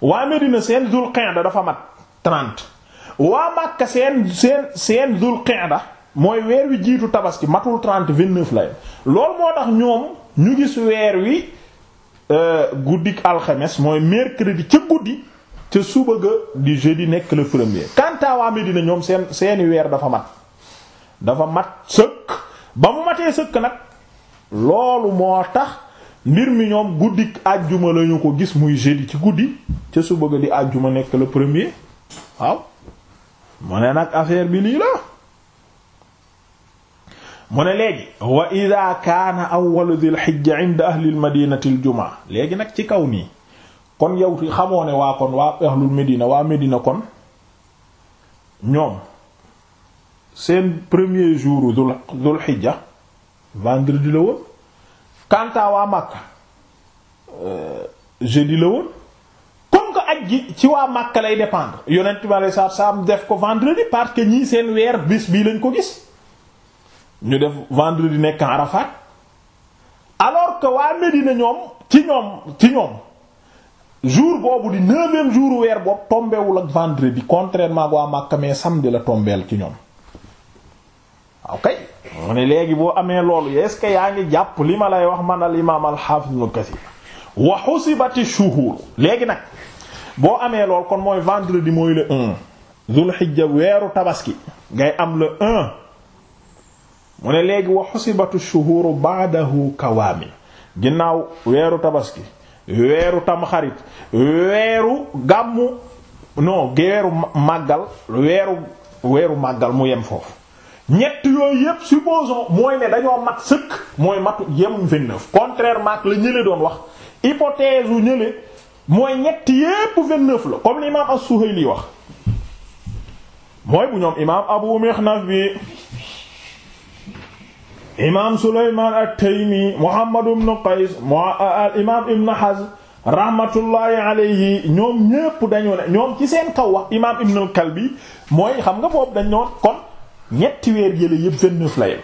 waa Medina seen Dul Qa'da dafa mat 30 waa Makka seen seen seen Dul Qa'da mooy weer wi jiitu tabaski matul 30 vingt la yem loolu moo tax ñoom ñu gis weer wi euh, guddik alxemes mooy mercredi ca guddi ca suba ga du jeudi nekk le premier quant à waa Medina ñoom seen seeni weer dafa mat dafa mat sëkk ba mu matee sëkk nag loolu moo tax. mbir mi ñoom guddi àjjuma la ko gis muy jeudi ci guddi ca su bëgg di àjjuma nekk le premier waaw mu ne nag affaire bi lii la mu ne léegi wa ida kaana awwalu dhil hijja léegi nag ci kaw nii kon yow xamoo ne waa waa ahlul medina kon ñoom seen premier jour dhul dhul hijja la woon kanta waa Makka euh, jeudi la woon comme que ak gi ci waa Makka lay dépendre yonent bi alei satu salaam def ko vendredi parce que ñii seen weer bis bii lañ ko gis ñu def vendredi nekk Arafat alors que waa na ñoom ci ñoom ci ñoom jour boobu di neuvième jour weer boobu tombewul ak vendredi contrairement ak waa Makka mais samedi la tombeel ci ñoom waaw kay mu ne léegi boo amee loolu est-ce que yaa ngi jàpp li ma lay wax man al imaam al hafiz ibn kathir wa husibati shuhur léegi nag boo amee lool kon mooy vendredi mooy le un zul hijja weeru tabaski ngay am le un mu ne léegi wa husibatu shuhur ba'dahu kawaami ginnaaw weeru tabaski weeru tamxarit weeru gàmmu non weeru màggal weeru weeru màggal mu yem foofu ñett yooyu yépp supposons mooy ne dañoo mat sëkk mooy matu yem 29 contrairement la ñële doon wax hypothèse u ñële mooy ñett yépp 29 la comme l'imam as-Suhayli wax mooy bu ñoom imam Abu Mikhnaf bi imam Sulayman at-Taymi Muhammad ibn Qays imam Ibn Hazm rahmatullahi alayhi ñoom ñépp dañu ne ñoom ci seen kaw wax imam Ibn al-Kalbi mooy xam nga boobu dañ noon kon ñetti weer yële yëpp vingt neuf la yem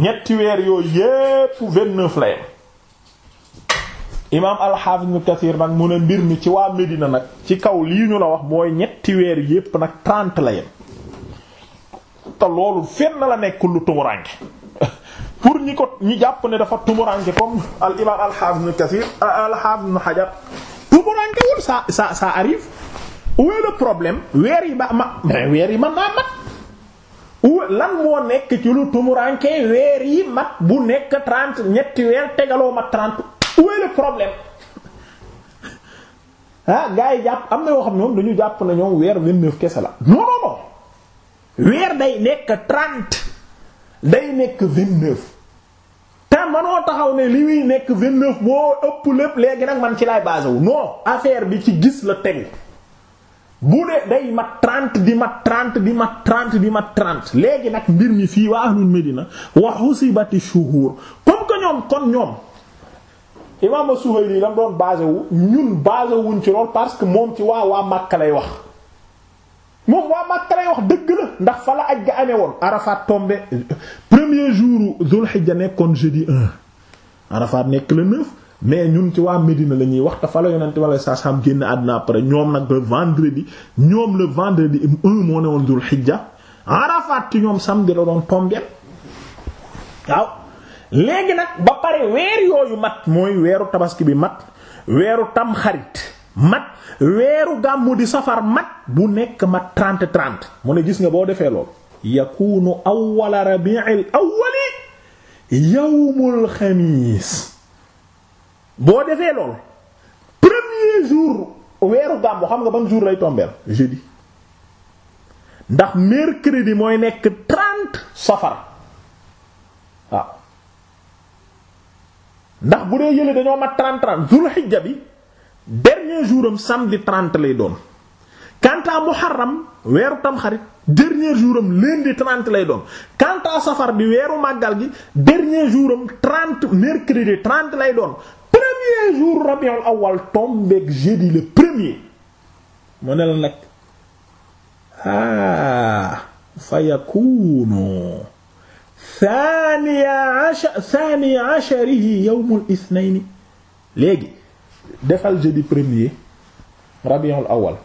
ñetti weer yooyu yëpp vingt neuf la yem imaam al-Hafiz Ibn Kathir nag mu ne mbir mi ci waa Medina nag ci kaw lii ñu la wax mooy ñetti weer yëpp nag trente la yem te loolu fenn la nekk lu tumuranke *laughs* pour ñi ko ñi jàpp ne dafa tumuranke comme al imaam al-Hafiz Kathir al ah, Hajar tumuranke wul ça ça ça arrive où est problème weer yi ba ma mais weer yi man lan moo nekk ci lu tumuranke weer yi mat bu nekk trente ñetti weer tegaloo mat trente où problème ah gars yi jàpp am na yoo xam ne dañu jàpp na ñoom weer vingt-neuf kese la non non weer day nekk trente day nekk vingt-neuf te manoo taxaw ne li muy nekk vingt-neuf moo ëpp lépp léegi nag man ci laay basé wu non affaire bi ci gis la tegu bu dee day mat trente di mat trente di mat trent di mat trente léegi nag mbir mi fii waa ahlul Medina wa husibati shuhur comme que ñoom kon ñoom imaam Suhayli la mu doon basé wu ñun basé wuñ ci lool parce que moom ci waa waa Makka lay wax moom waa Makka lay wax dëgg la ndax fa la aj ga amee woon Arafat tombé premier jour Dhul Hijja nekkoon jeudi nekk le neuf mais ñun ci waa Médina la ñuy wax te fa la wala saa saam génn àddina après ñoom nag le vendredi ñoom le vendredi moo ne woon dul xijja Arafat ci ñoom samedi la doon tombeel waaw léegi nag ba pare weer yooyu mat mooy weeru tabaski bi mat weeru tamxarit mat weeru gàmmu di safar mat bu nekk mat 30 30 mu ne gis nga boo defee lool yakunu awwala rabi'il awwali yawmul xamiis boo defee lool premier jour weeru gàmmu xam nga ban jour lay tombeel jeudi ndax mercredi mooy nekk trente safar waaw ndax bu dee yële dañoo mat trente trente zul xijja bi dernier jour am samedi trente lay doon quant à muharram weeru tamxarit dernier jour am lundi 30 lay doon quant à safar bi weeru màggal gi dernier jour am 30 mercredi 30 lay doon premier jour rabiul awal tombeeg jeudi le premier mu ne la nag ah fa yakunu thaniya ashar thaniya asharihi yawmul ithnaini léegi defal jeudi premier rabiul awal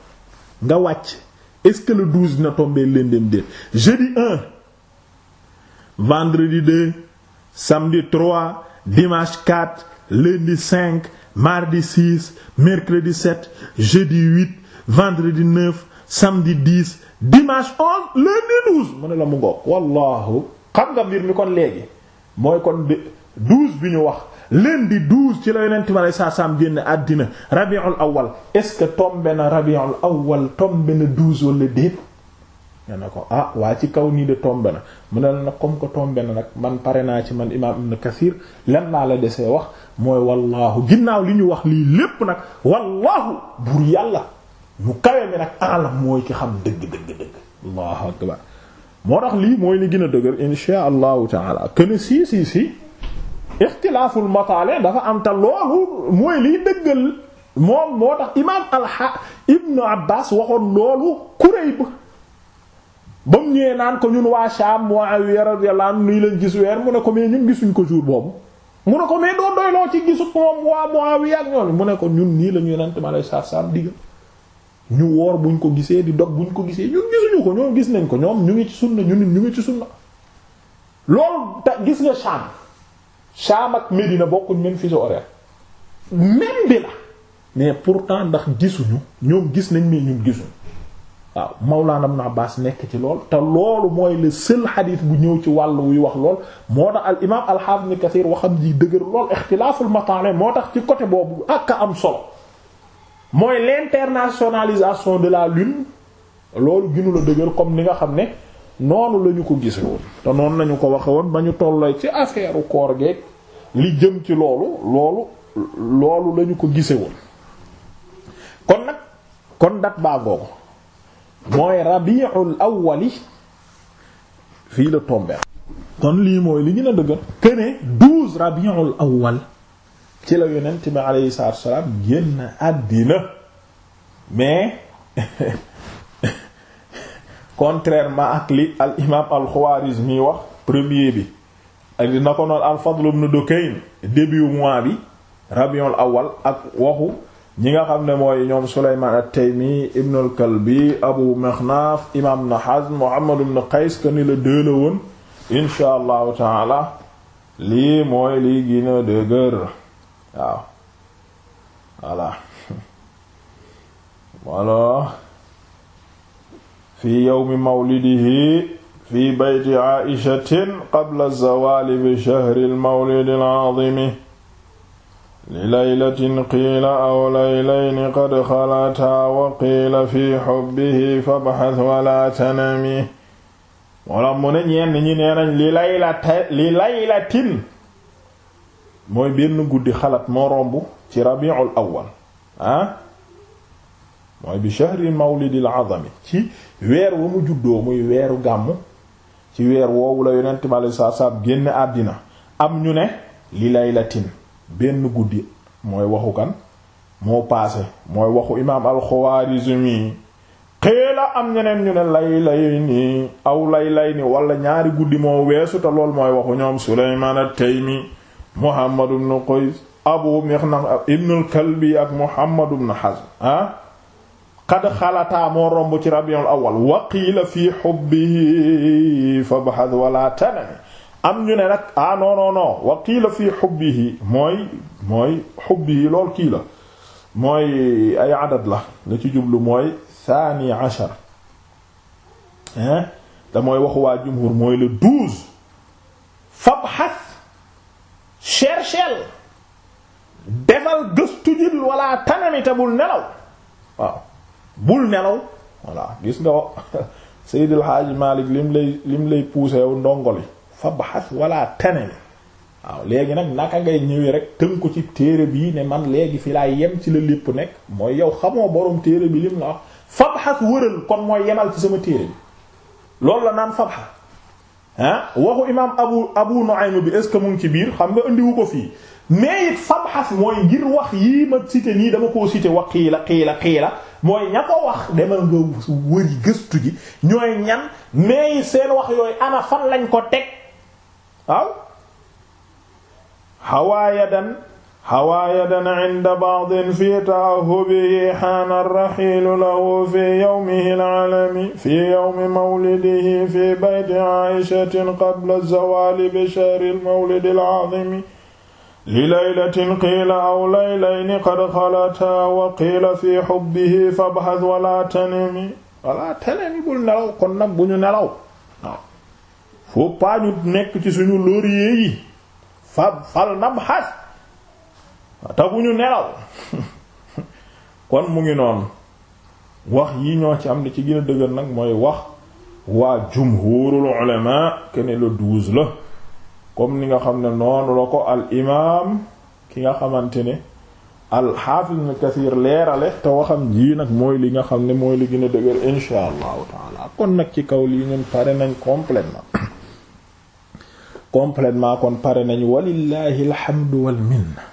nga wàcc est-ce que le 12 dina tomber lëndëm déet jeudi 1 vendredi 2 samedi 3 dimanche 4 lundi 5 mardi 6 mercredi 7 jeudi 8 vendredi 9 samedi 10 dimanche 11 lundi 12 mu ne la mu ngoog wallaahu xam nga mbir mi kon léegi mooy kon 12 bi ñu wax lundi douze ci la yonent bi aleyhi salaatu salaam génn àddina rabiul awal est-ce que tombe na rabiul awal tombe na douze wala déet nga ne ko ah waa ci kaw nii de tombe na mu ne la nag comme que tombe na nag man pare naa ci man imaam Ibn Kathir lan laa la desee wax mooy wallaahu ginnaaw li ñu wax lii lépp nag wallaahu buur yàlla mu kawe mi nag alam mooy ki xam dëgg dëgg dëgg allahu akbar moo tax lii mooy li gën a dëgër insha allahu taala kene si si si ixtilaaful mataale dafa am te loolu mooy liy dëggal moom moo tax imaam alxa ibnu abbas waxoon loolu Kurayb ba mu ñëwee naan ko ñun waa Sham Muawiya radiyallahu anhu nii lañ gis weer mu ne ko mais ñun gisuñ ko jour boobu mu ne ko mais doo ci gisu moom waa Muawiya ak mu ne ñun nii la ñu yonente mi alei satu salaam ñu woor buñ ko gisee di dog buñ ko gisee ñun gisuñu ko ñoom gis nañ ko ñoom ñu ngi ci sunna ñun ñu ngi ci sunna loolu te gis nga Sham Sham ak Médina bokkuñ même fuseau horaire même la mais pourtant ndax gisuñu ñoom gis nañ mais ñun gisuñu waaw Mawlana Ibn Abbas nekk ci lool te loolu mooy le seul hadith bu ñëw ci wàll wuy wax lool moo tax al imaam al-Hafiz Ibn Kathir waxam ji dëgër lool ixtilaaful matale moo tax ci côté boobu ak am solo mooy l'internationalisation de la lune loolu ginu dëgër comme ni nga xam ne. noonu lañu ko gise te noonu nañu ko waxe woon ba ñu tolloo ci affaire koor geeg li jëm ci loolu loolu loolu lañu ko gise kon nag kon dat baagoo ko mooy rabiul awwali fii la tombé kon lii mooy li gën a dëgër que ne awwal ci la yonent bi aleyhi salaatu wa salaam génn àddina mais *laughs* contrairement ak li al imaam al Khwarizmi wax premier bi ak dina ko noon al Fadl ibn Dukayn début mois bi rabiul awal ak waxu ñi nga xam ne mooy ñoom Sulaymaan at-Taymi ibn al-Kalbi Abu Mikhnaf imam Ibn Hazm Muhammad ibn Qays que ni la deux la woon insha allahu taala lii mooy lii gina dëgër waaw voilà *laughs* voilà fi yawmi mawlidihi fi bayti aishatin qabla zawaali bi shahri lmawlidi alazimi li laylatin qiila aw laylayni qad xalataa wa qiila fi xubbihi fabxas wala tanami mooloom mu ne ñenn ñi nee nañ li laylata li laylatin mooy benn guddi xalat moo romb ci rabiul awwal ah mooy bi shahri mawlidil azami ci weer wa mu juddoo muy weeru gàmm ci weer woowu la yonent mi alei génn àddina am ñu ne li laylatin benn guddi mooy waxu kan moo paase mooy waxu imaam al-Xawaarizmi xiila am ñeneen ñu ne lay ni aw lay ni wala ñaari guddi moo weesu te lool mooy waxu ñoom Sulaymaan at-Taymi Muhammad ibn Qays Abu Mixnaf ibn kalbi ak Muhammad ibn Hazm ah qad xalataa moo romb ci rabiul awal wa qiila fii xubbihi fabhad wala tanami am ñu ne nag ah non non non wa qiila fii xubbihi mooy mooy xubbihi lool kii la mooy ay adad la la ci jublu mooy thani ashar hein te mooy waxu waa jumhur mooy le douze fabhas cherchel defal gëstu jil wala tanami tabul nelaw waaw bul nelaw voilà gis nga *laughs* Seydil Hadji Malick lim lay lim lay poussé wu ndongoli fabhas wala tanel waaw léegi nag naka ngay ñëwee rek tënk ko ci téere bii ne man léegi fi laa yem ci la lépp nekk mooy yow xamoo borom téere bi lim la wax fabhas wëral kon mooy yemal ci sama téere bi loolu la naan fabhas ah waxu imaam Abu Abu Nu'aym bi est ce que mu ci biir xam nga andiwu ko fii. mais it famxas mooy ngir wax yii ma cité nii dama koo cité wax xiila xiila xiila mooy ña ko wax demal nga wëri gëstu ji ñooy ñan mais seen wax yooyu ana fan lañ ko teg waaw hawaayadan hawaayadan inda ba'din fi ta'ahubihi haana ar-rahilu lahu fi yawmihi al-alami fi yawmi fi bayti 'aishatin qabla az-zawali bi shahri al-mawlidi al-'azimi li laylatin qiila aw laylayni qad xalataa wa qiila fi xubbihi fabxas wala tanami wala tanami bul nelaw kon nag bu ñu nelaw waaw faut ñu nekk ci suñu lauriers yi fab fal nabxas te bu ñu nelaw *laughs* kon mu ngi noonu wax yi ñoo ci am li ci gën a dëgër nag mooy wax waa jumhuurul ulamaa kenn le douze la comme ni nga xam ne noonu la ko al imaam ki nga xamante ne al xaafiz ibn Kathir leerale te waxam ji nag mooy li nga xam ne mooy li gën a dëgër insha allahu taala kon nag ci kaw lii ñun pare nañ complètement completement kon pare nañ walillahi alhamdu wal minna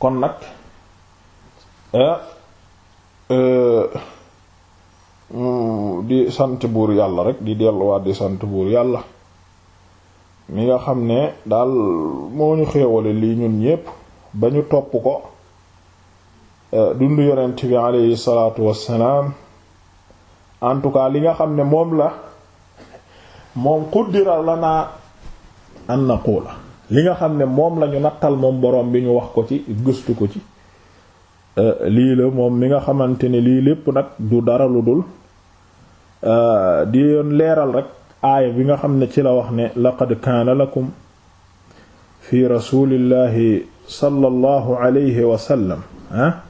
kon nag eh, eh, di sant buur yàlla rek di delluwaat di sant buur yàlla mi nga xam ne daal moo ñu xéewale lii ñun ñépp ba ñu topp ko euh, dundu yonent bi aleyhi salaatu wassalaam en tout cas li nga xam ne moom la moom xuddira la naa an naqula li nga xam ne moom lañu ñu nattal moom boroom bi ñu wax ko ci gëstu ko ci euh, lii la moom mi nga xamante ne lii lépp nag du dara lu dul euh, di yoon leeral rek aaya bi nga xam ne ci la wax ne laqad kaana lakum fi rasulillahi sallallahu alayhi wa sallam ah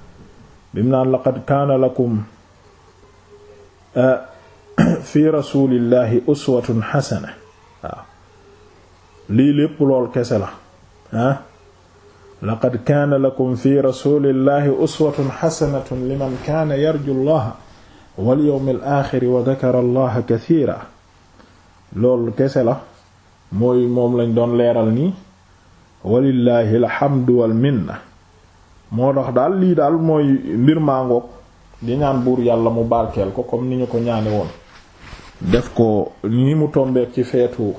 bi mu naan laqad kaana lakum ah, *clears throat* fi rasulillahi uswatun xasana waaw ah. lii lépp lool kese la ah laqad kaana lakum fi rasulillahi uswatun xasanatun liman kaana yarju allaha wal yawmal aaxir wa dakara allaha kasiira loolu kese la mooy moom lañ doon leeral nii walillahi alhamdu wal minna moo tax daal lii daal mooy mbir maangoog di ñaan buur yàlla mu barkeel ko comme ni ñu ko ñaane woon def ko ni mu tombeek ci feetu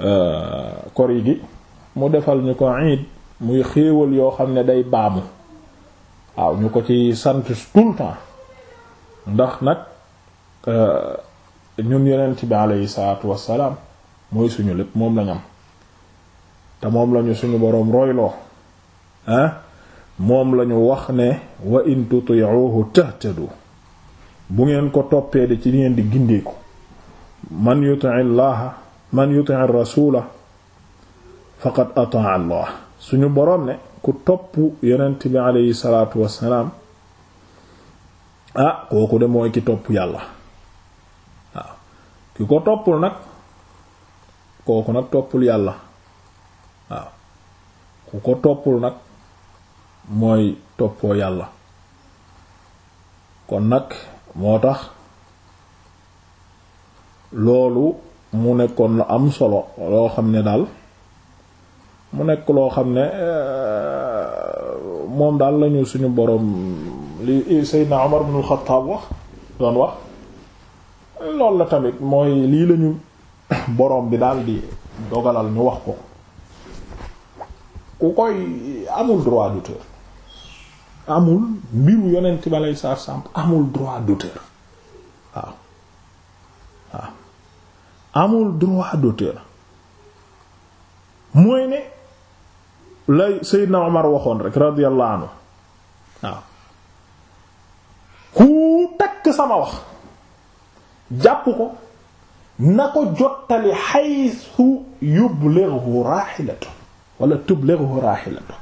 euh, kori gi mu defal ñu ko iid muy xéewal yoo xam ne day baamu waaw ñu ko ci sant tout temps ndax nag euh, ñun yonent bi aleyhi salaatu salaam mooy suñu lépp moom lañ te moom lañu suñu boroom royloo ah moom lañu wax ne wa in tuti'uhu tahtadu bu ngeen ko toppee de ci di ngeen di gindeeku man yuti'i llaha man yuti'i rasula faqad ata'a allah suñu boroom ne ku topp yonent bi aleyhi salaatu salaam ah kooku de mooy ki topp yàlla ki ko toppul nag kooku nag toppul yàlla waaw ku ko toppul nag mooy toppoo yàlla kon nag moo tax loolu mu nekkoon lu am solo loo xam ne daal mu nekk loo xam ne euh, moom daal lañu suñu boroom li Seydina Omar ibn al-Khattab wax doon wax loolu la tamit mooy lii lañu *coughs* boroom bi daal di dogalal ñu wax ko ku koy amul droit d'auteur amul mbiru yonent ba lay amul droit d'auteur waaw waaw amul droit d'auteur mooy ne lay Seydina Omar waxoon rek radiyallahu waaw ku takk sama wax jàpp ko na ko jottali xaysu yublighu raahilatu wala tublighu raahilatu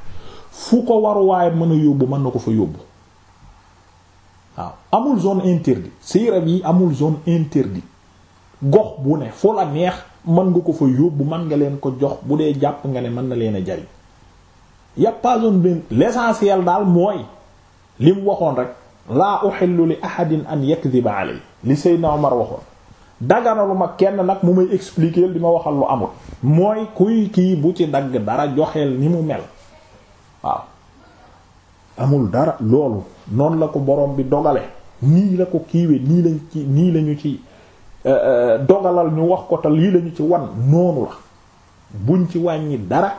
fu ko waruwaay mën a yóbbu mën na ko fa yóbbu waaw amul zone interdite siira yi amul zone interdite gox bu ne foo la neex mën nga ko fa yóbbu mën nga leen ko jox bu dee jàpp nga ne mën na leen a jariñ y a pas zone benn l'essentiel daal mooy lim waxoon rek laa uhillu li ahadin an yakdhiba alayhi li Seydina Omar waxoon daganalu kenn nag mu may expliquer di ma waxal lu amul mooy kuy kii bu ci dagg dara joxeel ni mu mel waaw amul dara loolu noonu la ko borom bi dogale nii la ko kiiwe nii lañ ci nii lañu ci euh, euh, dogalal ñu wax ko te lii lañu ci wan noonu la buñ ci wàññi dara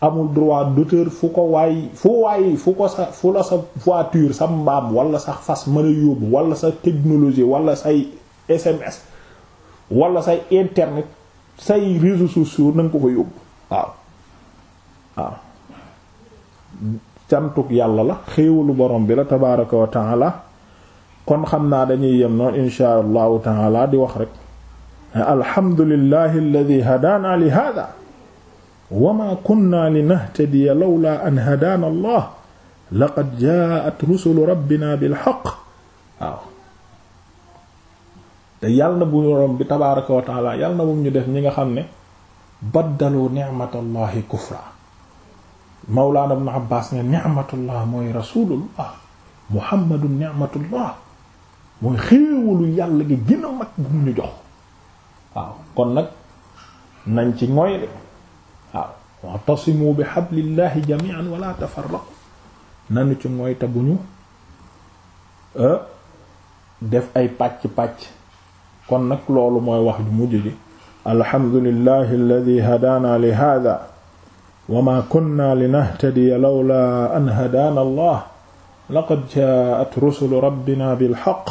amul droit d'auteur fu ko waay fu waay fu ko sa fu la sa voiture sa mbaam wala sa fas mën a yóbbu wala sa technologie walla say SMS wala say internet say réseaux sociaux na ko ko yóbbu waaw waaw cantuk yàlla la xéewalu borom bi la tabaraka wa kon xam naa dañuy yem noonu insha allahu taala di wax rek alhamdulillahi alladhi hadana li hada wama kunna linahtadiya lawla an hadaana allah laqad jaa'at rusulu rabbina bilhaq waaw yàlla bu borom bi tabaaraka ñu def ñi nga xam ne baddalu ni'matallahi kufra mawlaana ibn abbas ne ni'matullah mooy rasulullah muhammadu ni'matullah mooy xéewalu yàlla gi gën a mag bu mu ñu jox kon nag nañ ci moy de wa'tasimu bi hablillahi jami'an wala tafarraqu nanu ci mooy te bu ñu euh, def ay pàcc-pàcc kon nag loolu mooy wax ju mujj ji alhamdulillahi alladhi hadaana li hadha wa ma kunna linahtadiya lawla an hadaana allah laqad jaa'at rusulu rabbina bilhaqq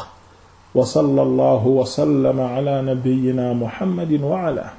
wa sallallahu wa sallama ala nabiyyina muhammadin wa ala